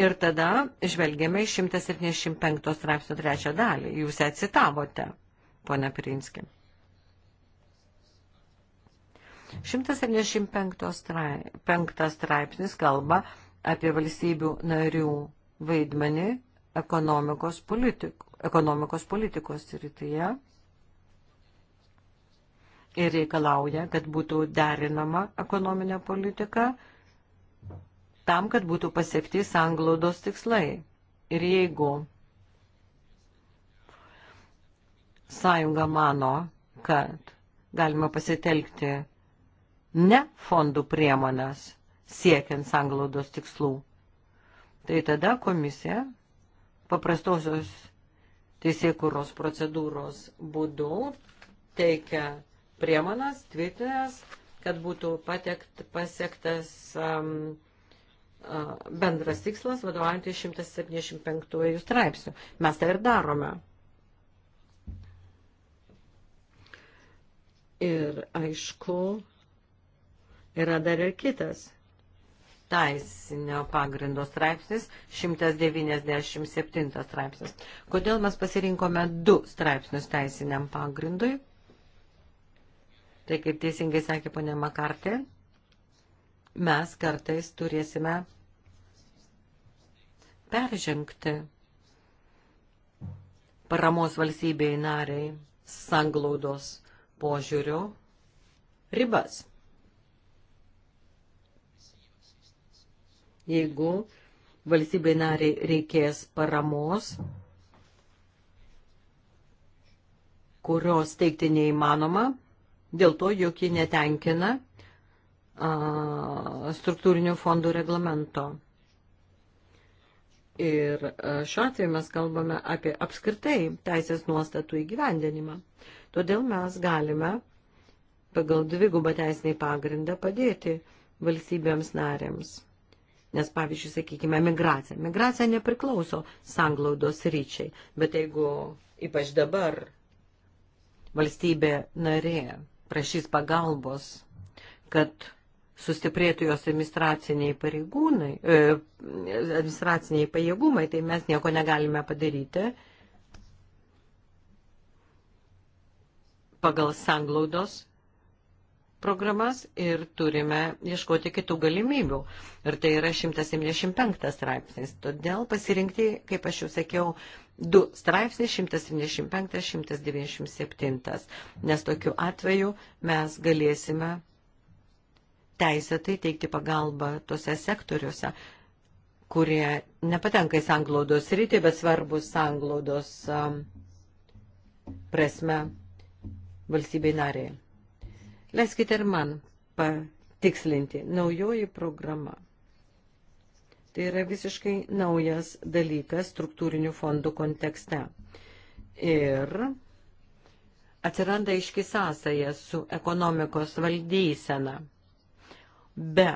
Ir tada žvelgiame į 175 straipsnio trečią dalį. Jūs ją citavote, ponia Pirinski. 175 straipsnis kalba apie valstybių narių vaidmenį ekonomikos, politik, ekonomikos politikos rytyje ir reikalauja, kad būtų derinama ekonominė politika tam, kad būtų pasiekti sanglaudos tikslai. Ir jeigu sąjunga mano, kad galima pasitelkti ne fondų priemonės siekiant sanglaudos tikslų, tai tada komisija paprastosios teisėkuros procedūros būdu teikia priemonas, tvirtinės, kad būtų patekt, pasiektas um, uh, bendras tikslas vadovaujantis 175 straipsnių. Mes tai ir darome. Ir aišku, yra dar ir kitas teisinio pagrindo straipsnis, 197 straipsnis. Kodėl mes pasirinkome du straipsnius teisiniam pagrindui? Tai kaip teisingai sakė ponė Makartė, mes kartais turėsime peržengti paramos valstybei nariai sanglaudos požiūrių ribas. jeigu valstybei nariai reikės paramos, kurios teikti neįmanoma, dėl to, jog ji netenkina a, struktūrinių fondų reglamento. Ir šiuo atveju mes kalbame apie apskritai teisės nuostatų įgyvendinimą. Todėl mes galime pagal dvigubą teisinį pagrindą padėti valstybėms narėms. Nes, pavyzdžiui, sakykime, migracija. Migracija nepriklauso sanglaudos ryčiai, bet jeigu ypač dabar valstybė narė prašys pagalbos, kad sustiprėtų jos administraciniai pareigūnai, e, administraciniai pajėgumai, tai mes nieko negalime padaryti pagal sanglaudos programas ir turime ieškoti kitų galimybių. Ir tai yra 175 straipsnis. Todėl pasirinkti, kaip aš jau sakiau, du straipsniai 175-197. Nes tokiu atveju mes galėsime teisėtai teikti pagalbą tose sektoriuose, kurie nepatenka į sanglaudos rytį, bet svarbus sanglaudos um, prasme valstybei nariai. Leiskite ir man patikslinti. Naujoji programa. Tai yra visiškai naujas dalykas struktūrinių fondų kontekste. Ir atsiranda iški sąsaja su ekonomikos valdysena. Be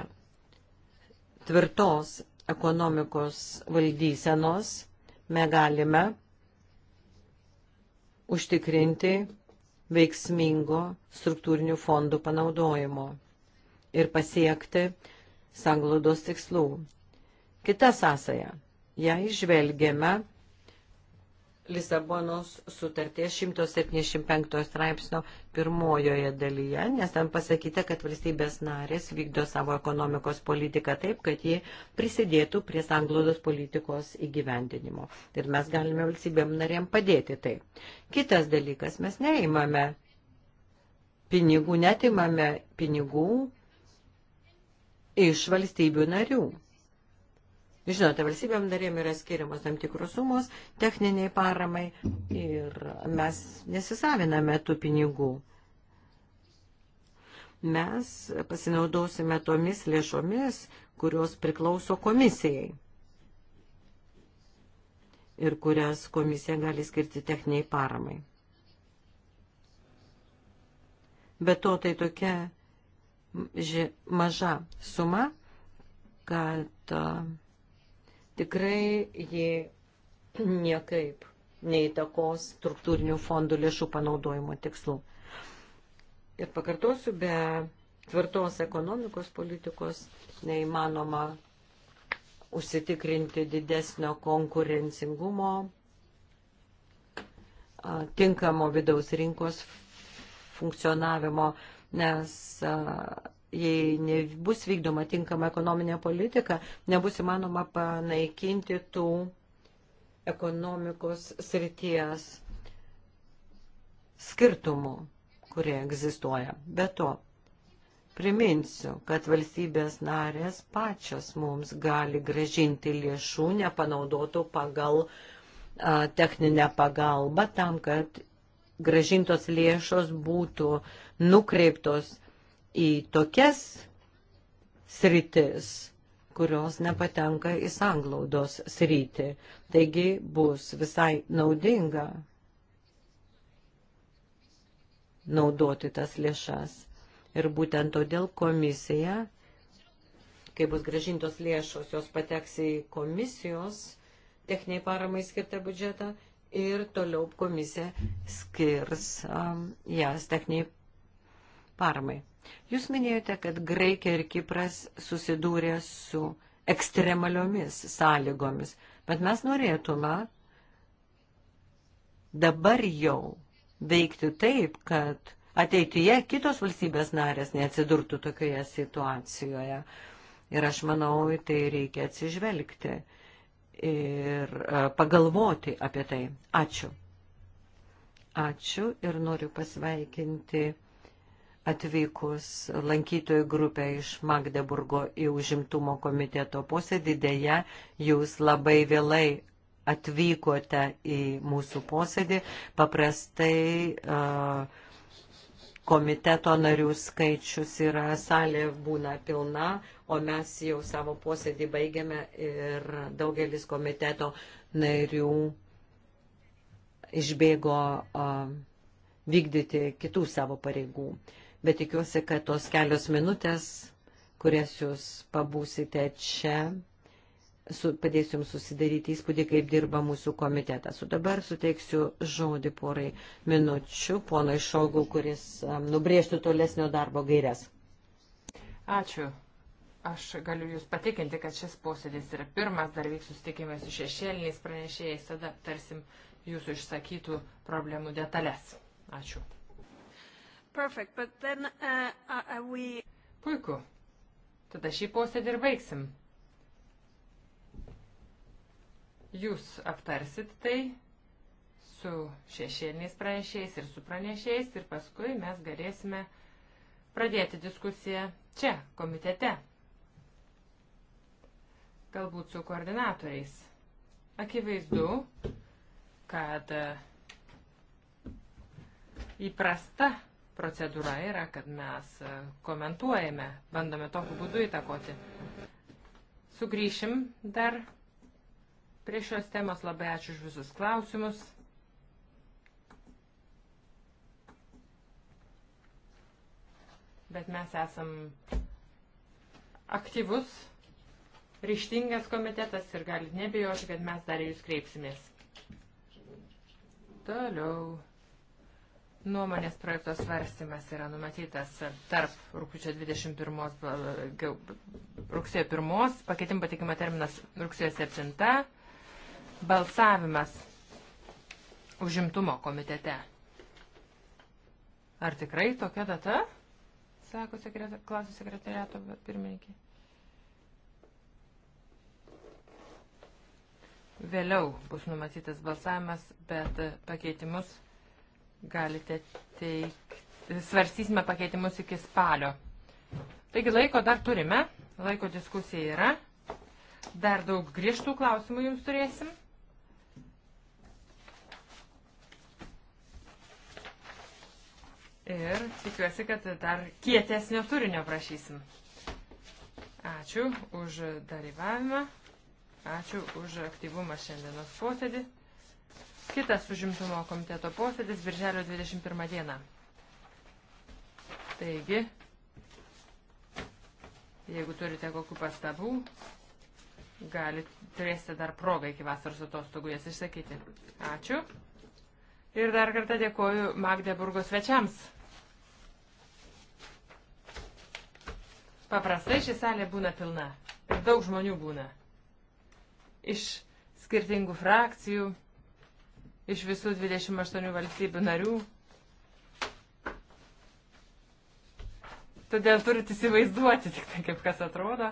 tvirtos ekonomikos valdysenos mes galime užtikrinti veiksmingo struktūrinių fondų panaudojimo ir pasiekti sanglaudos tikslų. Kita sąsaja. Jei žvelgiame Lisabonos sutarties 175 straipsnio pirmojoje dalyje, nes ten pasakyta, kad valstybės narės vykdo savo ekonomikos politiką taip, kad jie prisidėtų prie sanglaudos politikos įgyvendinimo. Ir mes galime valstybėm narėm padėti tai. Kitas dalykas, mes neimame pinigų, netimame pinigų iš valstybių narių. Žinote, valstybėm darėm yra skiriamos tam tikrus sumos techniniai paramai ir mes nesisaviname tų pinigų. Mes pasinaudosime tomis lėšomis, kurios priklauso komisijai ir kurias komisija gali skirti techniniai paramai. Bet to tai tokia ži, maža suma, kad uh, Tikrai ji niekaip neįtakos struktūrinių fondų lėšų panaudojimo tikslų. Ir pakartosiu, be tvirtos ekonomikos politikos neįmanoma užsitikrinti didesnio konkurencingumo, tinkamo vidaus rinkos funkcionavimo, nes jei nebus vykdoma tinkama ekonominė politika, nebus įmanoma panaikinti tų ekonomikos srities skirtumų, kurie egzistuoja. Be to, priminsiu, kad valstybės narės pačios mums gali gražinti lėšų nepanaudotų pagal a, techninę pagalbą tam, kad gražintos lėšos būtų nukreiptos į tokias sritis, kurios nepatenka į sanglaudos sritį. Taigi bus visai naudinga naudoti tas lėšas. Ir būtent todėl komisija, kai bus gražintos lėšos, jos pateks į komisijos techniniai paramai skirtą biudžetą ir toliau komisija skirs um, jas techniniai paramai. Jūs minėjote, kad Graikija ir Kipras susidūrė su ekstremaliomis sąlygomis, bet mes norėtume dabar jau veikti taip, kad ateityje kitos valstybės narės neatsidurtų tokioje situacijoje. Ir aš manau, tai reikia atsižvelgti ir e, pagalvoti apie tai. Ačiū. Ačiū ir noriu pasveikinti atvykus lankytojų grupę iš Magdeburgo į užimtumo komiteto posėdį, dėja, jūs labai vėlai atvykote į mūsų posėdį. Paprastai komiteto narių skaičius yra salė būna pilna, o mes jau savo posėdį baigiame ir daugelis komiteto narių išbėgo vykdyti kitų savo pareigų. Uh, bet tikiuosi, kad tos kelios minutės, kurias jūs pabūsite čia, su, padės jums susidaryti įspūdį, kaip dirba mūsų komitetas. O dabar suteiksiu žodį porai minučių ponai Šogų, kuris um, nubrėžtų tolesnio darbo gairias. Ačiū. Aš galiu Jūs patikinti, kad šis posėdis yra pirmas, dar vyks susitikimai su šešėliniais pranešėjais, tada aptarsim Jūsų išsakytų problemų detalės. Ačiū. Perfect, but then uh, uh, uh, we... Puiku. Tada šį posėdį ir baigsim. Jūs aptarsit tai su šešėliniais pranešėjais ir su pranešėjais ir paskui mes galėsime pradėti diskusiją čia, komitete. Galbūt su koordinatoriais. Akivaizdu, kad uh, įprasta procedūra yra, kad mes e, komentuojame, bandome tokiu būdu įtakoti. Sugrįšim dar prie šios temos. Labai ačiū už visus klausimus. Bet mes esam aktyvus, ryštingas komitetas ir galit nebijoti, kad mes dar į jūs kreipsimės. Toliau. Nuomonės projekto svarstymas yra numatytas tarp rūpiučio 21, e, rugsėjo 1, pakeitim patikimo terminas rugsėjo 7, balsavimas užimtumo komitete. Ar tikrai tokia data? Sako sekretar, klasų sekretariato pirmininkė. Vėliau bus numatytas balsavimas, bet pakeitimus galite teikti, svarstysime pakeitimus iki spalio. Taigi laiko dar turime, laiko diskusija yra, dar daug griežtų klausimų jums turėsim. Ir tikiuosi, kad dar kietesnio turinio prašysim. Ačiū už dalyvavimą, ačiū už aktyvumą šiandienos posėdį. Kitas užimtumo komiteto posėdis birželio 21 dieną. Taigi, jeigu turite kokių pastabų, galit, turėsite dar progą iki vasaros atostogų jas išsakyti. Ačiū. Ir dar kartą dėkoju Magdeburgo svečiams. Paprastai ši salė būna pilna. Ir daug žmonių būna. Iš skirtingų frakcijų iš visų 28 valstybių narių. Todėl turite įsivaizduoti tik tai, kaip kas atrodo.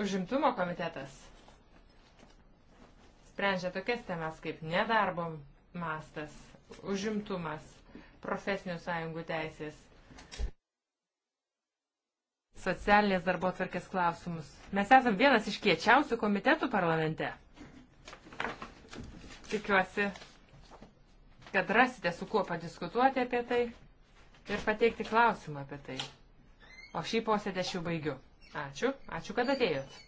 Užimtumo komitetas sprendžia tokias temas kaip nedarbo mastas, užimtumas, profesinių sąjungų teisės, socialinės darbo atvarkės klausimus. Mes esam vienas iš kiečiausių komitetų parlamente. Tikiuosi, kad rasite su kuo padiskutuoti apie tai ir pateikti klausimą apie tai. O šį posėdę aš jau baigiu. Ačiū, ačiū, kad atėjot.